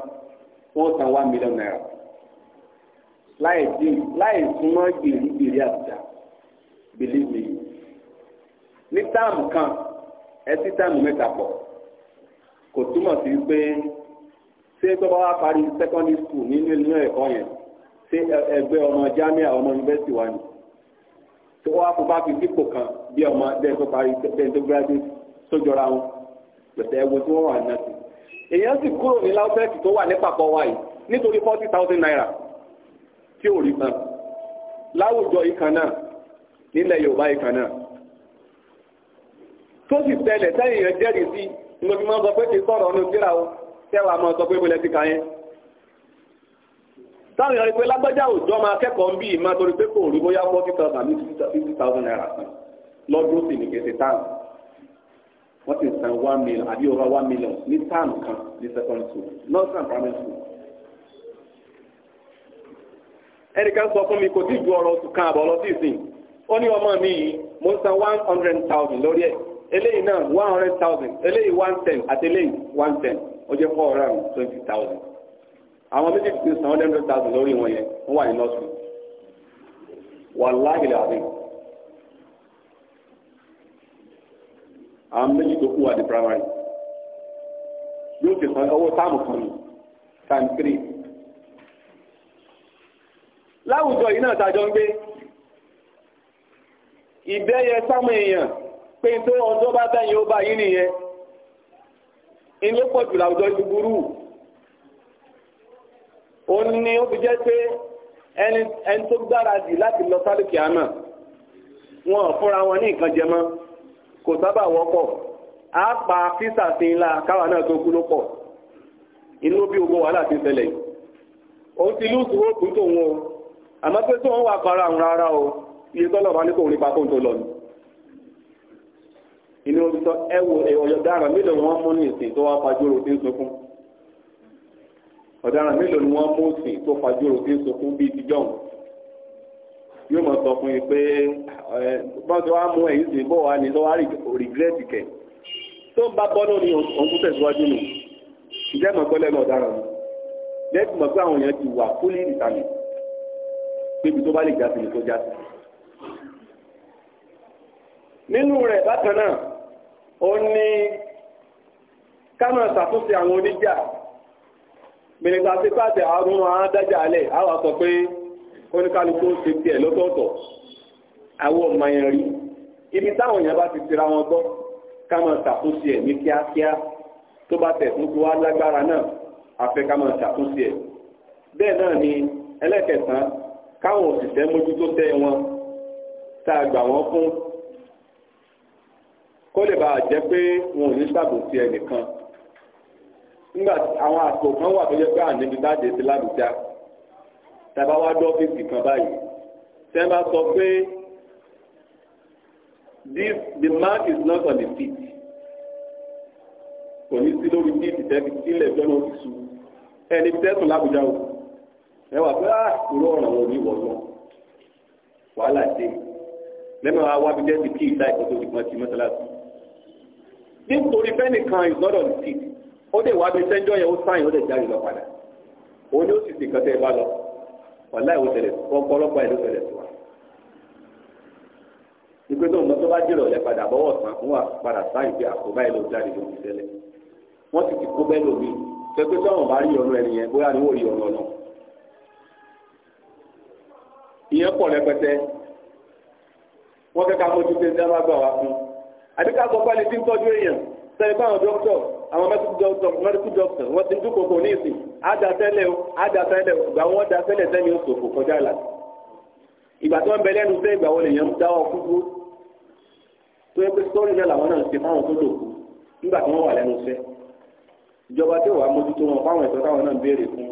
wọ́n san one million naira láì dín láì súnmọ́ gbèrú gbèrú àbújá believe me ní táàmù kan ẹ sí táàmù mẹ́ta pọ̀ kò túmọ̀ sí pé ṣé tó bá wá parí secondary school nínú ilé ẹ̀kọ́ yẹn ṣé ẹgbẹ́ ọmọ jamia ọmọ yunifásitì wa ni tó wá fún bá fi dípò kan bí ọmọ bẹ́ẹ̀ tó parí bẹ́ẹ̀ tó graduate tó jọra wọn pẹ̀sẹ̀ ẹwo tí wọ́n wà ní náà sí. èèyàn sì kúrò ní láwùjọ tó wà ní pàpọ̀ wa yìí nítorí forty thousand naira tí ò rí kan láwùjọ ìkan náà nílẹ̀ Yorùbá ìkan náà tó sì tẹlẹ̀ sẹ́yìn yẹn jẹ́rìí sí ní ojú máa ń sọ pé ti sọ̀rọ̀ ọ̀nà ìgbéra o tẹ́wàá máa sọ pé mo lẹ ti kà yẹn táwọn èèyàn rí pé lágbájá òjò máa kẹ́kọ̀ọ́ ń bí ìmá torí pé kò rí bóyá forty thousand ní fifty thousand naira kan lọ́dún sì ní kété táàmù wọ́n ti san one million àbí over one million ní táàmù kan ní secondary school nurse primary school ẹnìkan sọ fún mi kò tí ju ọ̀rọ̀ oṣù kan àbọ̀ lọ sí ìsìn ó ní ọmọ mi yìí mo ń san one hundred thousand lórí ẹ̀ eléyìí náà one hundred thousand eléyìí one ten àti eléyìí one ten ó jẹ́ four hundred and twenty thousand àwọn méjèèjì ti san one hundred thousand lórí wọn yẹn wọ́n wà ní nọ́ọ̀sì wàláhìlì àbí àwọn méjì tó kú wà ní primary yóò ti san owó táàmù kan ní time three láwùjọ yìí náà tàjọ ń gbé ìbẹ́yẹ sáwọn èèyàn pé tó ọjọ́ bá tẹ́yìn ó bá yín nìyẹn inú pọ̀ jù láwùjọ ti burú ó ní ó fi jẹ́ pé ẹni tó gbáradì láti lọ sálùkì àmà wọn fúnra wọn ní nǹkan jẹmọ́ kò sábà wọ́pọ̀ á pa físà sí ńlá káwa náà tó kú ló pọ̀ inú bí ogun wàhálà ti ṣẹlẹ̀ ó ti lùsùn ó kú tòun o àmọ́ pé tó wọ́n wà para àwọn rárá o iye tọ́lọ̀ bá ní kò ní pákó tó lọ ní inú omi tọ́ ẹ wo ọ̀daràn mélòó ni wọ́n mú ní ìsìn tó wá fajúro tí ń sunkún ọ̀daràn mélòó ni wọ́n mú ìsìn tó fajúro tí ń sunkún bíi ti jọ̀hún yóò mọ̀ sọ fún yín pé bọ́n ti wá mú ẹ̀yìn sí bọ́ wá ní tó wá rìgírẹ́tì kẹ̀ tó ń bá bọ́nú ni òun tún tẹ̀síwájú nù ìjẹ́ mọ̀ pẹ́lẹ́ lọ́ọ̀daràn mi lẹ́tì mọ̀ pé àwọn èèyàn ti wà fúlì ìtàlẹ̀ pébi tó bá lè jáde lè tó jáde. nínú rẹ̀ bákan náà ó ní kámọ̀ ṣàtúnṣe àwọn oníjà mìlíta sí pàṣẹ àrùn àádájà alẹ̀ àwa sọ pé oníkálukú ṣe tiẹ̀ lọ́tọ̀ọ̀tọ̀ àwọn ọmọ yẹn rí ibi táwọn èèyàn bá ti tira wọn gbọ́ kámọ̀ ṣàtúnṣe ẹ̀ ní kíákíá tó bá tẹ̀ fún tiwa lágbára náà àfẹ́ kámọ̀ ṣàtúnṣe ẹ̀ bẹ́ẹ̀ náà ni ẹlẹ́kẹ̀sán káwọn òṣìṣẹ́ mójútó tẹ́ wọn tá gbà wọ́n fún kó lè bàa jẹ́ pé wọn ò ní ṣàbòsí ẹnìkan nígbà àwọn àsìkò kan wà tó yẹ pé àníbi bá sí ládùjá tàbá wá dé ọ́fíìsì kan báyìí tẹ́ bá sọ pé this the mark is not on the feet kò ní sí lórí bíi ìtẹ́bí sílẹ̀ fẹ́ràn òṣìṣú ẹni tẹ́sùn lábùjá òkú ẹ wà pé ah ìró ọ̀ràn wọn ní wọ̀ọ́lọ́ wàhálà dé lẹ́nu àwọn wábi dẹ́sí kí ìta ìkótó ìgbọ́n ti mọ́sálásí nítorí fẹ́nìkan ìgbọ́dọ̀ ti ó dé wábi sẹ́ńjọ́ yẹn ó sáyìn ó dẹ̀ jáde lọ padà òun ni ó sì sìn kẹtẹ́ bá lọ wàhálà ìwọ tẹ̀lẹ̀ ọ̀pọ̀lọpọ̀ ẹ̀ ló tẹ̀lẹ̀ tó wa ìpè tó ń lọ tó bá jèrò ọ̀lẹ́ padà bọ́wọ́ sàn fún wa padà sáyìn pé àkóbá ẹ̀ ló jáde ló ti tẹ́lẹ̀ wọ́n sì ti kó bẹ́ẹ̀ lómi pẹ́pẹ́ tó àwọn bá pọ̀ rẹpẹtẹ wọ́n kẹ́kẹ́ amójú pé ní àwọn àgbà wá fún àdúgbò àgbọ̀pá lè fi ń tọ́jú èèyàn sẹ́yìn fáwọn dókítọ̀ àwọn mẹ́tíkù dókítọ̀ wọ́n ti ń dúnkòkò ní ìsìn àdàtẹ́lẹ̀ o àdàtẹ́lẹ̀ o ìgbà wọn dàtẹ́lẹ̀ sẹ́yìn ó ṣòfò kọjá là ìgbà tó ń bẹ lẹ́nu sẹ́yìn ìgbà wo lè yẹn ń dáwọ́ kú dúró tó yẹ pé sọ́ọ́rì náà làwọn náà ń ṣe fáwọn tó lòkù nígbà tí wọ́n wà lẹ́nu sẹ́ ìjọba tí wàá mójútó wọn fáwọn ẹ̀tọ́ táwọn náà ń béèrè fún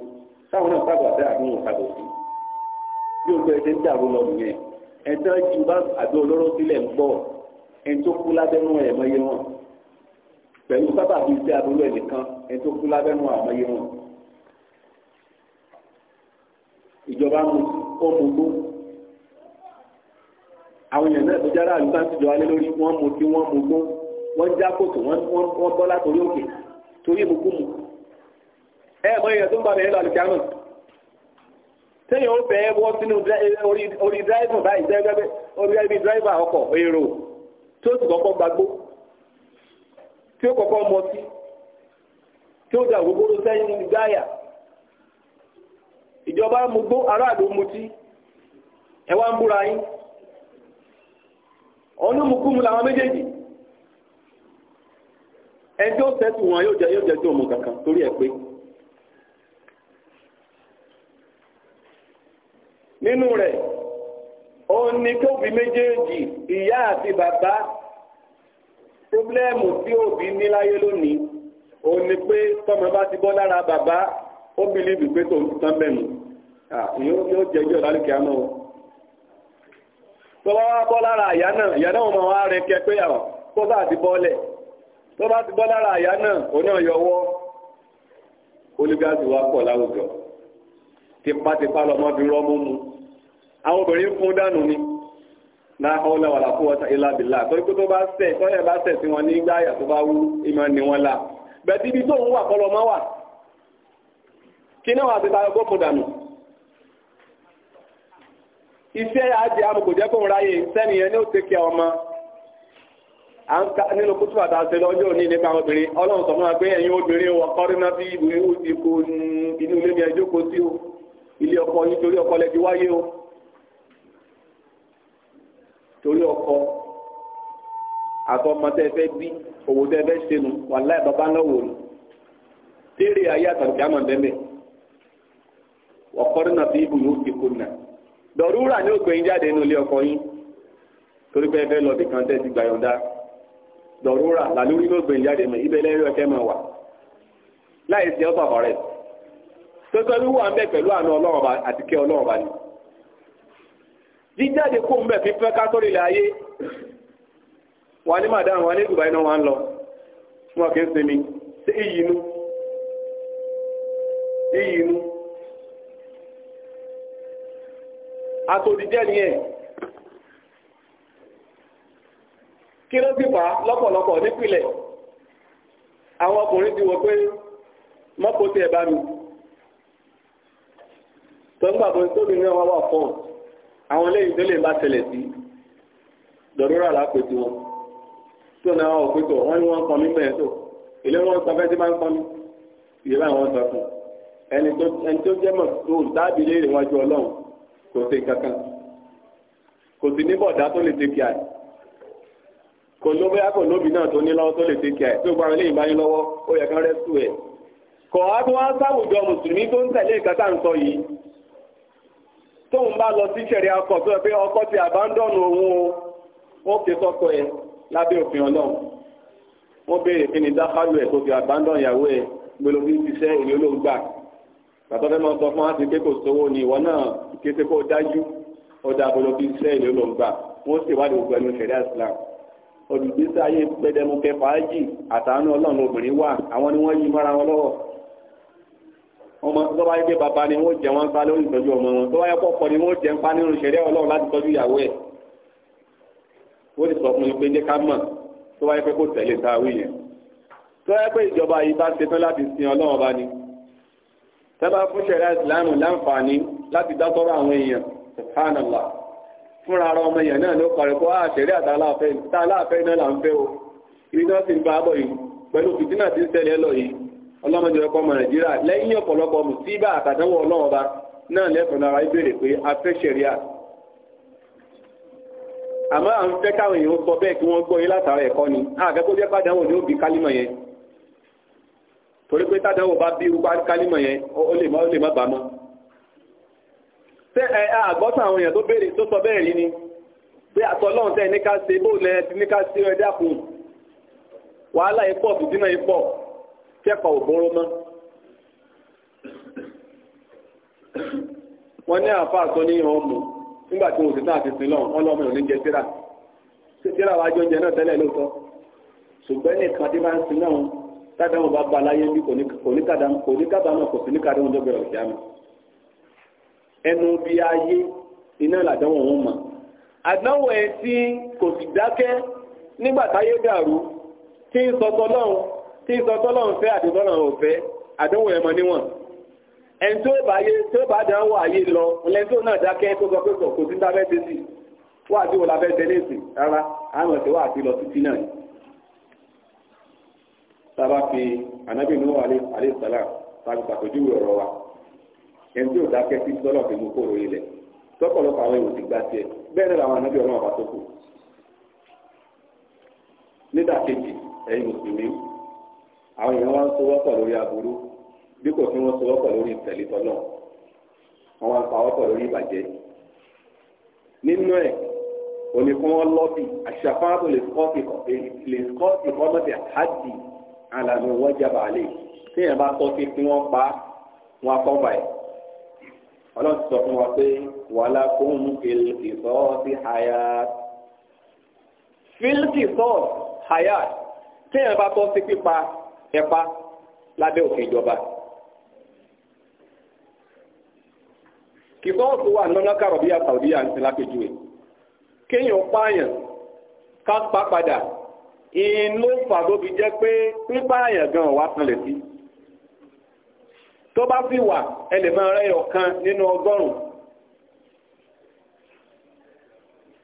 táwọn náà sábà bẹ́ẹ̀ àbí wọn sábà sí bí o bẹ̀rẹ̀ ṣe ń dàrú lọ nìyẹn ẹni tó ju bá àbí olóró sílẹ̀ ń gbọ́ ẹni tó kú lábẹ́nú ẹ̀ mọ́yé wọn pẹ̀lú sábà bíi iṣẹ́ aburú ẹ̀ nìkan ẹni tó kú lábẹ́nú àmọ́yé wọn. ìjọba mu ó mu tó àwọn èèyàn náà tó jára àlùkò àti ìjọba lé lórí wọn mu tí wọn mu tó wọn já kòtò wọn bọ́ látòrí òkè torí ìbùkún mu ẹ̀ mọ tó ń bá bẹ̀rẹ̀ lọ àlùkò àmọ́ téèyàn ó bẹ̀ẹ́ wọ́ sínú eh, orí dráìvù báyìí jẹ́gẹ́gẹ́ orí ẹbí dráìvù ọkọ̀ èrò tí ó sì kọ́kọ́ gbagbó tí kọ́kọ́ mọ sí tí ó dà gbogbo sẹ́yìn gáyà ìjọba mú aráàlú mutí ẹ ń búra yín làwọn méjèèjì wọn yóò tó kankan nínú rẹ̀ òun ni tóbi méjèèjì ìyá àti bàbá tí òbí ní láyé lónìí òun ni pé tọ́mọ bá ti bọ́ lára bàbá ó bìlíbì pé tòun ti tán bẹ̀rù yóò jẹjọ́ o tọ́wọ́ wá bọ́ lára àyá náà ìyá náà mọ̀ wá rẹ kẹ pé kó bá ti tipátipá lọ́mọ fi rọ́ mú mu àwọn obìnrin fún dànù ni láhọ́lá wà láfún wọ́ta ìlàbìlà tó ikú tó bá sẹ̀ tọ́lẹ̀ bá sẹ̀ sí wọn ní gbáyà tó bá wú wọn la ibi tó ń wà kọ́ lọ́mọ wà kí náà wà ti ta ọgọ́ fún dànù iṣẹ́ kó ń ráyè yẹn ní ọmọ à ń ka nínú kútu àti àṣẹ lọ́jọ́ òní nípa obìnrin ọlọ́run sọ ilé ọkọ yín torí ọkọ lẹ́bi wáyé o torí ọkọ àtọmọ tẹ́ fẹ́ bí òwò tẹ́ fẹ́ ṣe nu wàláì bàbá ńlá wò ni tèrè ayé àtàkì àmọ̀ bẹ́ẹ̀ ọkọ náà fi ibùdó ti kó nà dọ̀rúrà ní ògbẹ́yìn jáde nínú ilé ọkọ yín torí pé ẹ fẹ́ lọ bí kan tẹ́ ti gbà yọ̀ǹda dọ̀rúrà ní ògbẹ́yìn jáde mọ̀ ibẹ̀ lẹ́rìí ọkẹ́ máa wà láì sí ọ́ bàbá rẹ̀ tọ́tọ́ wíwà ń bẹ̀ pẹ̀lú àna ọlọ́ọ̀ba àti kẹ́ ọlọ́ọ̀ba ni jíjáde kó ń bẹ̀ fi fẹ́ kátólì láyé wà ní màdá wà ní ìgbà iná wà ń lọ wọn kì í sinmi sí iyì inú iyì inú àtòdìjẹ́ kí ló sì fà lọ́pọ̀lọpọ̀ nípìnlẹ̀ àwọn ọkùnrin ti wọ pé sọ́gbà bọ́ tóbi ní ọwọ́ wà fọ́ọ̀n àwọn lẹ́yìn tó lè bá tẹ̀lẹ̀ sí dọ̀rọ̀rọ̀ àlápẹ̀ tí wọn tó náà wọ́n pé tó wọ́n ní wọ́n kọ́ mí bẹ́ẹ̀ tó ilé wọn sọ fẹ́ tí máa ń kọ́ mí ìyẹn bá wọn sọ fún ẹni tó ẹni tó jẹ́ mọ̀ tó dábì léèrè wọn ju ọlọ́run kò sí kankan kò sí ní bọ̀dá tó lè ṣe kíá kò ló bóyá kò lóbi náà tó ní lọ́wọ́ tó lè ṣe kíá tó gba ilé ìbáyín lọ́wọ́ ó yẹ kán rẹ́sù ẹ̀ kọ̀ á tó wá sáwùjọ mùsùlùmí tó ń tẹ̀lé ìkátà ń sọ yìí tóun bá lọ sí ṣẹ̀rí akọ̀ tó yẹ pé ọkọ ti àbándọ̀nù òun o ó ké sọ́kọ ẹ lábẹ́ òfin ọlọ́run wọ́n béèrè kí ni dákàlù ẹ̀ tó fi àbándọ̀n ìyàwó ẹ̀ gbèrò bí ṣiṣẹ́ ìlú olóògbà bàtọ́ fẹ́ máa sọ fún àti pé kò sówó ni ìwọ náà kí ṣe kó dájú ọ̀dà gbèrò bí ṣiṣẹ́ ìlú olóògbà wọ́n sì wádìí gbogbo ẹnu ṣẹ̀rí Islam olùgbésí ayé gbẹdẹmukẹ fàájì àtàánú ọlọ́run obìnrin wà àwọn ni wọ́n yí mọ́ra wọn lọ́wọ́ ọmọ tó bá yẹ pé bàbá ni wọ́n jẹ wọ́n ń pa lórí ìtọ́jú ọmọ wọn tó bá yẹ kọ́kọ́ ni wọ́n jẹ ń pa nínú ìṣẹ̀lẹ̀ ọlọ́run láti tọ́jú ìyàwó ẹ̀ wọ́n ti sọ fún mi pé jẹ́ ká mọ̀ tó bá yẹ pé kò tẹ̀lé táwí yẹn tó yẹ pé ìjọba yìí bá ṣetán láti sin ọlọ́run bá ni sábà fún ṣẹ̀ríà ìsìláàmù láǹfààní láti dá sọ́rọ̀ àwọn èèyàn subhanallah fúnra ara ọmọ èèyàn náà ló kọ̀rọ̀ kó àṣẹ̀rí ah, àtàláàfẹ́ náà là ń fẹ́ o iná sì ń bá ọlọ́mọdé ọkọ ọmọ nàìjíríà lẹ́yìn ọ̀pọ̀lọpọ̀ mùsíbà àtàdánwò ọlọ́wọ́n ba náà lẹ́kọ̀ọ́ náà wáyé béèrè pé a fẹ́ ṣẹ̀ríà àmọ́ à ń fẹ́ káwọn èèyàn sọ bẹ́ẹ̀ kí wọ́n gbọ́ yé látara ẹ̀kọ́ ni àgẹ́kọ́ jẹ́ pàdánwò ní òbí kálímọ̀ yẹn torí pé tádánwò bá bí irú kálímọ̀ yẹn ó lè má ó lè má bà mọ́ ṣé ẹ àgbọ́sọ̀ àwọn èèyàn tó béèrè tó sọ bẹ́ẹ̀ rí ni pé àtọ́lọ́run tẹ́ ní ká ṣe bóòlù ẹ ti ní ká ṣe ẹ dákun wàhálà ipò fìdínà ipò tẹ́kọ̀ òbóró mọ́ wọ́n ní àfáà tó ní ìhàn mú nígbà tí wọ́n sì náà ti sin lọ́wọ́ wọ́n lọ́mọ ìrìn jẹ tíra tíra wa jọ oúnjẹ náà tẹ́lẹ̀ lóòótọ́ ṣùgbọ́n nìkan tí máa ń sin náà kádàmù bá ba láyé bí kò ní kádàmù kò ní kádàmù kò sí ní kádàmù tó gbẹ̀rẹ̀ òkè àmì ẹnu bí ayé iná làdánwò wọn mọ̀ àdánwò ẹ̀ tí kò sì dákẹ́ nígbà táyé dàrú tí ń sọ tí sọ tọ́lọ̀ ń fẹ́ àti tọ́lọ̀ ò fẹ́ àdánwò ẹ̀mọ níwọ̀n ẹni tó bá yé tó bá dán wà yé lọ lẹ́yìn tó náà dákẹ́ tó sọ pé kò sí tá fẹ́ẹ́ tẹ́sí wà tí wò la fẹ́ẹ́ tẹ́lẹ̀ sí rárá àwọn ọ̀sẹ̀ wà á ti lọ títí náà sábà fi anábì nù alẹ́ sàlá tàbí pàtójúwe ọ̀rọ̀ wa ẹni tí ò dákẹ́ sí tọ́lọ̀ fi mú kóró ilẹ̀ tọ́pọ̀lọpọ̀ àwọn èrò ti gbá tiẹ̀ bẹ́ẹ̀ ni làwọn anábì ọlọ́run bá tó kù nídàkejì ẹ̀yin mùsùlùmí àwọn èèyàn wọn ń sowọ́pọ̀ lórí aburú bí kò sí wọn sowọ́pọ̀ lórí ìtẹ̀lítọ́ náà wọn wá ń pawọ́pọ̀ lórí ìbàjẹ́ nínú ẹ̀ òní fún wọn lọ́bì àṣàfáàbò lè kọ́ọ̀tì kọ́mọ́tì àhádì àlànà wọ́jàbà àlè téèyàn bá tọ́ sí kí wọ́n pa wọn akọ́ba ẹ̀ ọlọ́run sọ fún wa pé wàhálà fóun kìlìkì sọ́ọ́sì hayat fílìkì sọ́ọ̀sì hayat téèyàn bá tọ́ sí pípa ẹ̀pá lábẹ́ òfin ìjọba. kìkọ́ ọ̀tún wà nọ́nà kàrọ̀bíyà sàwùdíyà ń sin lápẹjúwe kéèyàn pààyàn ká pa padà inú fàdóbi jẹ́ pé pípààyàn gan wà sanlẹ̀ sí tó bá sì wà ẹlẹ̀mọ́ rẹ̀ ọ̀kan nínú ọgọ́rùn-ún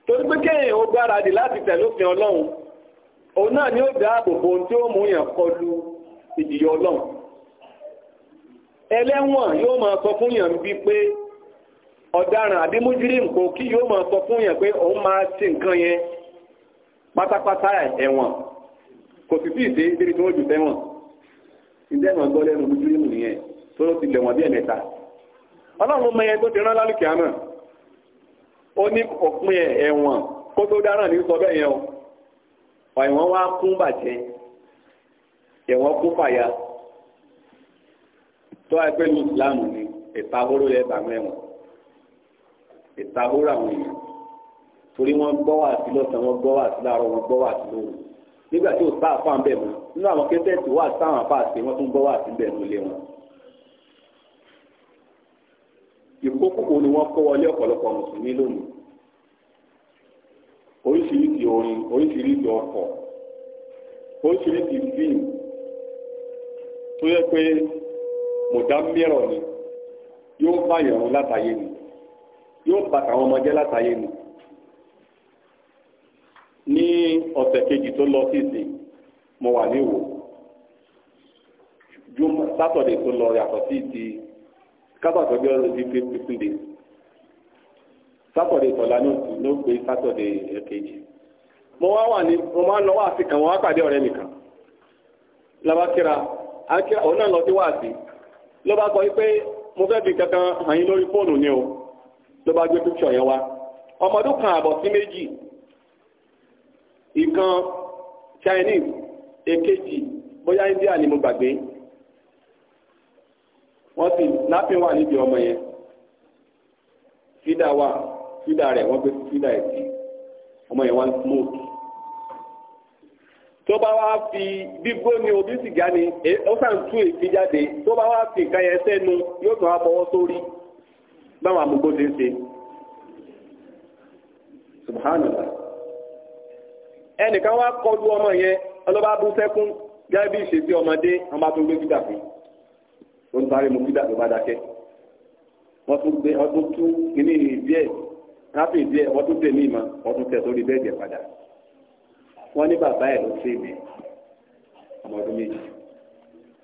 torí pé kéèyàn ó gbáradì láti tẹ̀lófin ọlọ́run òun náà ni ó dáàbò bo ohun tí ó mú yàn kọlu ìdìyà ọlọ́run ẹlẹ́wọ̀n yóò máa sọ fún yàn bí pé ọ̀daràn àbí mújírí nǹkan kí yóò máa sọ fún yàn pé òun máa nǹkan yẹn pátápátá ẹ̀wọ̀n kò sì sí ìdíri tí wọ́n jù ẹ̀wọ̀n gbọ́ lẹ́nu mújírí mù nìyẹn tó ló ti mọ tó ti rán àmọ́ ó ní òpin ẹ̀wọ̀n kó tó dáràn ní o ẹ̀wọ̀n wá kún bàjẹ́ tẹ̀wọ́n kó fàyà tó ẹgbẹ́ ní ìsìláàmù ni ìtahóró yẹ bàmọ́ ẹ̀wọ̀n ìtahóró àwọn èèyàn torí wọ́n gbọ́ wà sí lọ́sàn-án wọ́n gbọ́ wà sí láàárọ̀ wọ́n gbọ́ wà sí lóru nígbà tí ò sá àfáà ń bẹ̀ mọ́ nínú àwọn kẹsẹ̀tì wà sáwọn àfáà sí wọ́n tún gbọ́ wà sí bẹ̀ nílé wọn. ìkókòkò ni wọ́n kó wọlé ọ̀pọ̀lọpọ̀ mùsùlùmí lónìí oríṣiríṣi orin oríṣiríṣi ọkọ̀ oríṣiríṣi fíìmù tó yẹ pé mọ̀dá mìíràn ni yóò bá ìyàwó látàyè ni yóò bá àwọn ọmọdé látàyè ni ní ọ̀sẹ̀ kejì tó lọ sí ìsìn mo wà ní ìwò sátọ̀dẹ̀ tó lọ yàtọ̀ sí ti kábàtọ̀ bí ọdún sí fifteen days sátọ̀dẹ̀ tọ̀la ní òtún ló gbé sátọ̀dẹ̀ ẹ̀kejì mo wá wà ní mo máa ń lọ wá sí kan wá pàdé ọ̀rẹ́ mi labakira akíra ọ náà lọ sí wáàsí ló bá kankan hàn lórí fóònù ni o ló bá gbé píkṣọ̀ yẹn wá ọmọdún kan àbọ̀ sí méjì ìkan Chinese èkejì bóyá India ni mo gbàgbé wọ́n sì lápín wà níbi ọmọ yẹn fídà wà fídà rẹ̀ wọ́n gbé fídà ọmọ yẹn wá smoke tó bá wá fi bíbó ni òbí sìgá ni e, ó sàn tú èéfín jáde tó bá wá fi nǹkan yẹn sẹ́nu yóò tún wá bọ́wọ́ sórí báwọn àmúgbó ṣe ń ṣe subhanallah ẹnìkan wá kọlu ọmọ yẹn ọlọ́ba bú sẹ́kún gẹ́gẹ́ bí ìṣesí ọmọdé ọmọ tó gbé gíga fún ó ń parí mu gíga tó bá dákẹ́ wọ́n tún gbé ọdún tún kínní díẹ̀ káfíń díẹ̀ wọ́n tún tẹ̀ ní ìmọ̀ wọ́n tún tẹ̀ sórí bẹ́ẹ̀ wọ́n ní bàbá ẹ̀ ló fẹ́ mi ọmọ ọdún méjì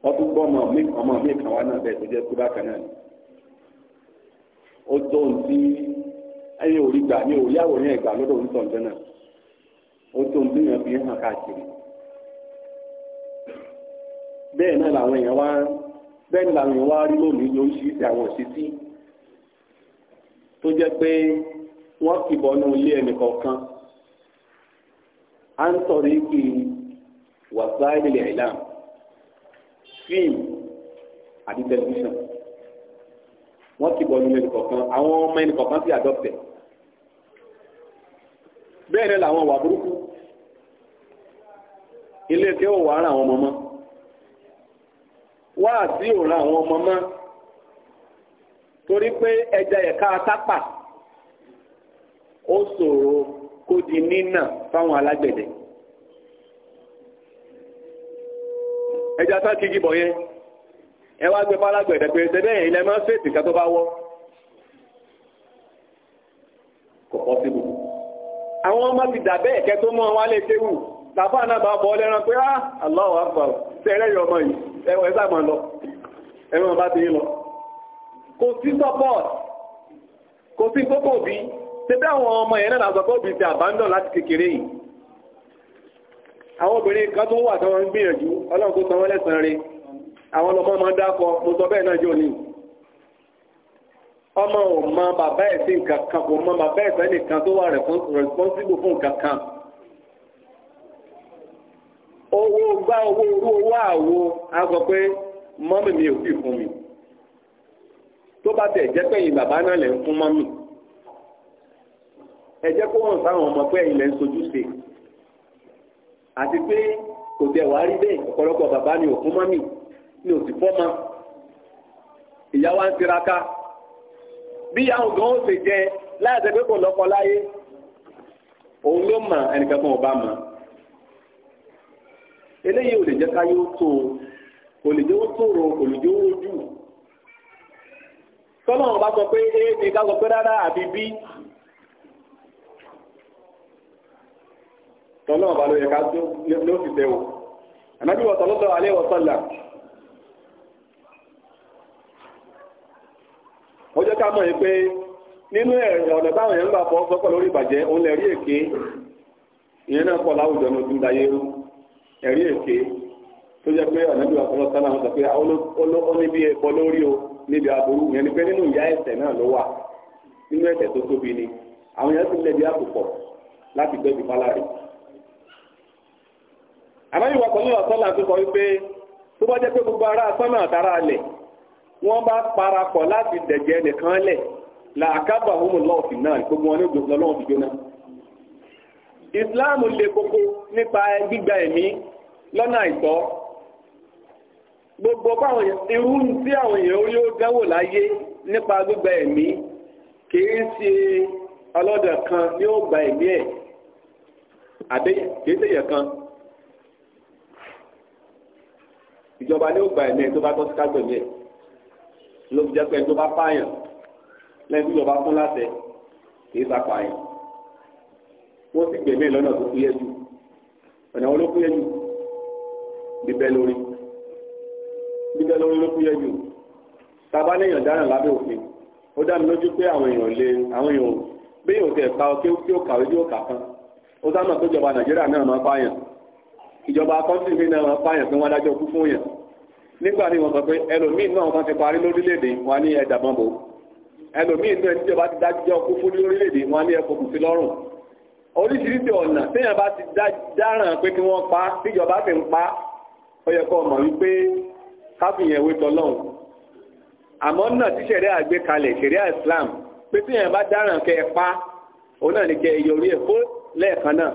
wọ́n tún gbọ́ ọmọ mi ọmọ mi kan wá náà bẹ́ẹ̀ tó jẹ́ kú bákan ni ó tó àwòrán ẹ̀gbà lọ́dọ̀ ọ̀jọ́ náà ó tó yẹn fi hàn bẹ́ẹ̀ náà làwọn èèyàn wá bẹ́ẹ̀ ni làwọn èèyàn wá rí lónìí lóríṣiríṣi àwọn òṣìṣì tó jẹ́ pé wọ́n kìbọnú ilé ẹnì kọ̀ọ̀kan عن طريق وسائل الإعلام في àti tẹlifíṣàn wọ́n ti bọ̀ nínú ẹnìkọ̀ọ̀kan àwọn ọmọ ẹnìkọ̀ọ̀kan sí àdọ́pẹ̀ bẹ́ẹ̀ rẹ̀ làwọn wà burúkú ilé tí ó wà ara àwọn ọmọ wá sí òun àwọn ọmọ torí pé ẹja ẹ̀ka atápà ó ṣòro kó di nínà fáwọn alágbẹ̀dẹ ẹja tá kí gíbọ̀ yẹn ẹ wá gbé fálágbẹ̀dẹ pé tẹ́lẹ̀ ilẹ̀ máa ń fèsì ká tó bá wọ́ kò pọ́ síbù àwọn ọmọ ti dà bẹ́ẹ̀ kẹ́ tó mọ́ wọn wálé kéwù tàbá náà bá bọ́ lẹ́ran pé ah, aláwọ̀ lọ lọ ṣebí àwọn ọmọ yẹn náà làzọ́ fóbi ti àbándọ̀ láti kékeré yìí àwọn obìnrin kan tó wà tó wọn ń gbìyànjú ọlọ́run kó sanwó lẹ́sàn-án rẹ̀ àwọn ọmọ máa ń dákọ mo sọ bẹ́ẹ̀ náà jò ní ọmọ ò mọ bàbá ẹ̀ sí nǹkan kan kò mọ bàbá ẹ̀ sẹ́ni kan tó wà responsible fún nǹkan kan owó gbá owó orú owó àwo a sọ pé mọ́mì mi ò fi fún mi tó bá tẹ̀ jẹ́ pẹ̀yìn bàbá náà lẹ̀ ń fún mọ́mì ẹ jẹ́ kó hàn sáwọn ọmọ pé ilẹ̀ ń sojú ṣe àti pé kò tẹ̀ wá rí bẹ́ẹ̀ ọ̀pọ̀lọpọ̀ bàbá ni òkú mọ́mì ni ò sì fọ́mọ ìyá wa ń tiraka bí àwọn gan ó ṣe jẹ láyàtọ̀ pé kò lọ́kọ láyé òun ló mọ̀ ẹnìkan kan ò bá mọ̀ eléyìí ò lè ká yóò tó o lè jẹ́ ó tòrò kò lè jẹ́ ó jù tọ́lọ́run bá sọ pé a ní ká sọ pé rárá àbí bí tọ́lọ́ ọ̀bá ló yẹ ká ló fi tẹ́ o ànábì wọ̀ sọ́lọ́tọ̀ alẹ́ ó jẹ́ ká mọ̀ yìí pé nínú ẹ̀rọ ọ̀nà táwọn èèyàn ń gbà fọ́ sọ́kọ̀ lórí ìbàjẹ́ òun lè èké ìyẹn náà pọ̀ láwùjọ ní rú ẹ̀rí èké tó jẹ́ pé o níbi aburú yẹn ni pé nínú ìyá náà ló wà nínú ni àwọn ti lẹ̀ bí àpòpọ̀ láti àmọ́yìn wà pẹ̀lú ọ̀sọ́là tó sọ wípé tó bá jẹ́ pé gbogbo ará sọ́nà àtàrà alẹ̀ wọ́n bá parapọ̀ láti dẹ̀jẹ̀ nìkan lẹ̀ làákàbà òun lọ́ọ̀fì náà gbogbo wọn ní òjò lọ́wọ́ fi jóná. Islam le koko nípa gbígba ẹ̀mí lọ́nà àìtọ́ gbogbo báwọn irú tí àwọn èèyàn orí ó dánwò láyé nípa gbígba ẹ̀mí kìí ṣe ọlọ́dọ̀ kan ni ó gba ẹ̀mí ẹ̀ àbẹ́yẹ kìí ṣèyẹ kan ìjọba ni ó gba ẹ̀mí ẹ̀ tó bá tọ́ sí kágbẹ̀mí ẹ̀ ló fi jẹ́ pé ẹni tó bá pààyàn lẹ́yìn tó ìjọba fún láṣẹ kì í sàpààyàn wọ́n sì gbẹ̀mí ẹ̀ lọ́nà tó fúyẹ́ jù ọ̀nà wọn ló fúyẹ́ jù bíbẹ́ lórí bíbẹ́ lórí ló fúyẹ́ jù tábà léèyàn dáràn lábẹ́ òfin ó dá mi lójú pé àwọn èèyàn lè àwọn èèyàn bí èèyàn tẹ̀ pa ọ kí ó kàwé bí ó kà kan ó sá mọ̀ pé ìjọba Nàìjíríà náà máa pààyàn ìjọba akọ́ńtì mi náà máa pààyàn pé wọ́n adájọ́ kú fún yàn nígbà tí wọ́n sọ pé ẹlòmíín náà wọ́n ti parí lórílẹ̀‐èdè wọn ní ẹ̀dà bọ́ǹbò ẹlòmíín náà tíjọba ti dájọ́ kú fún lórílẹ̀‐èdè wọn ní ẹ̀kọ́ kùsí lọ́rùn oríṣiríṣi ọ̀nà téèyàn bá ti dáràn pé kí wọ́n pa tíjọba sì ń pa ó yẹ kó mọ̀ wípé káfíyàn ewé tọ́lọ́hùn àmọ́ náà tí ṣẹ̀ríà àgbékalẹ̀ ṣẹ̀ríà Islam pé tíyàn bá dáràn kẹ́ ẹ pa òun náà ní kẹ́ ẹ yọrí ẹ̀ kó lẹ́ẹ̀kan náà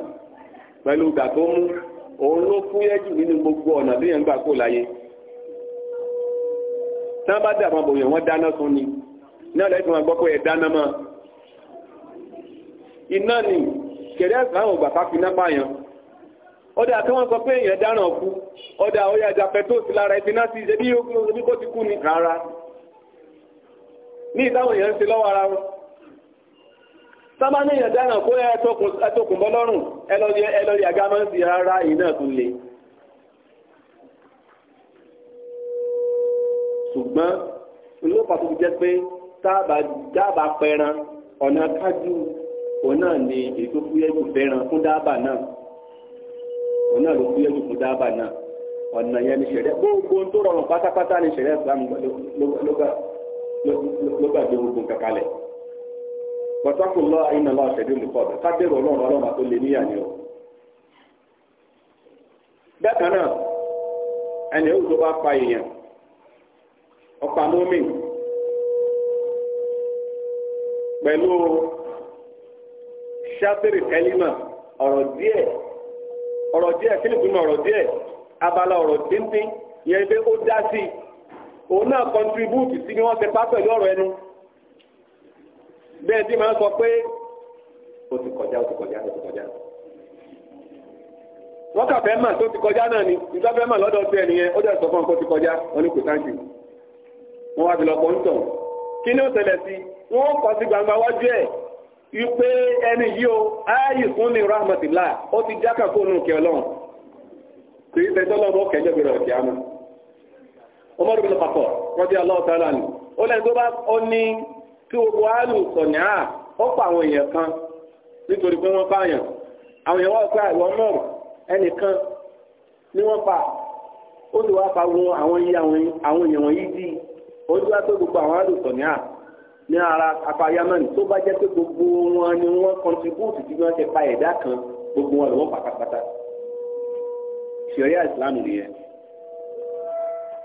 pẹ̀lú ìgbà tó mú òun ló fúyẹ́ jù nínú gbogbo ọ̀nà bí yẹn gbà kó láyé tán bá dà máa bòyàn wọ́n dáná sun ni náà lẹ́yìn tí wọ́n gbọ́ dana ẹ̀ dáná ni kẹ̀lẹ́ àtàwọn ògbà ká finá pààyàn ọdá tí wọ́n sọ pé èèyàn dáràn kú ọdá ọyá ìjàpẹ́ tó sí lára sí ìṣẹ́bí yóò kú ní rárá ní ìtàwọn èèyàn ń sábà ní ìyàndánà kó ẹtọkùn bọ́ lọ́rùn ẹlọ́rí àgámọ́sí rárá yìí náà tún le ṣùgbọ́n ló pàtó jẹ́ pé dábàá pẹran ọ̀nà kájú òun náà ni ètò fúyẹ́jù fẹ́ràn fún dábàá náà òun náà ló fúyẹ́jù fún dábàá náà ọ̀nà yẹn ni ṣẹ̀rẹ́ gbogbo tó rọrùn pátápátá ni ṣẹ̀rẹ́ ìsìlámù ló gbogbo kàkálẹ̀ pàtàkùnlá ìnàlá àṣẹjú nìkọ́ ọ̀dọ̀ kábẹ́rù ọlọ́run ọlọ́run àti olè níyà ni ọ. bẹ́ẹ̀ kan náà ẹni yóò tó bá pa èèyàn ọ̀pá mómì pẹ̀lú ṣábìrì kẹlímà ọ̀rọ̀ díẹ̀ ọ̀rọ̀ díẹ̀ kí ni ìtumọ̀ ọ̀rọ̀ díẹ̀ abala ọ̀rọ̀ díndín yẹn pé ó dá sí òun náà kọ́ntribúùtì sí ni wọ́n ti pa pẹ̀lú ọ̀rọ̀ ẹnu. bẹ́ẹ̀ tí màá sọ pé o ti kọjá o ti kọjá o ti kọjá wọ́n kà fẹ́ mà tó ti kọjá náà ni fẹ́ kó ti kọjá wọn ní kò wọn wá fi pọ̀ ń tàn kí ni ó ṣẹlẹ̀ sí sí gbangba wájú ẹ̀ wípé ẹni yìí o ayé fún ó ti jákà kó nù ọlọ́run kì pàpọ̀ wọ́n ti lánàá ó lẹ́yìn tí gbogbo àlù sọ̀nì à ó àwọn èèyàn kan nítorí pé wọ́n pààyàn àwọn èèyàn wọ́n pa ah, ìwọ náà ẹnìkan ni wọ́n pa ó wá pa wọn àwọn iye àwọn èèyàn wọ̀nyí di ojú wa pé gbogbo àwọn àlù sọ̀nì ah, ní ara yamani tó bá jẹ́ pé gbogbo wọn ni wọ́n tí wọ́n ti pa gbogbo wọn pátápátá nìyẹn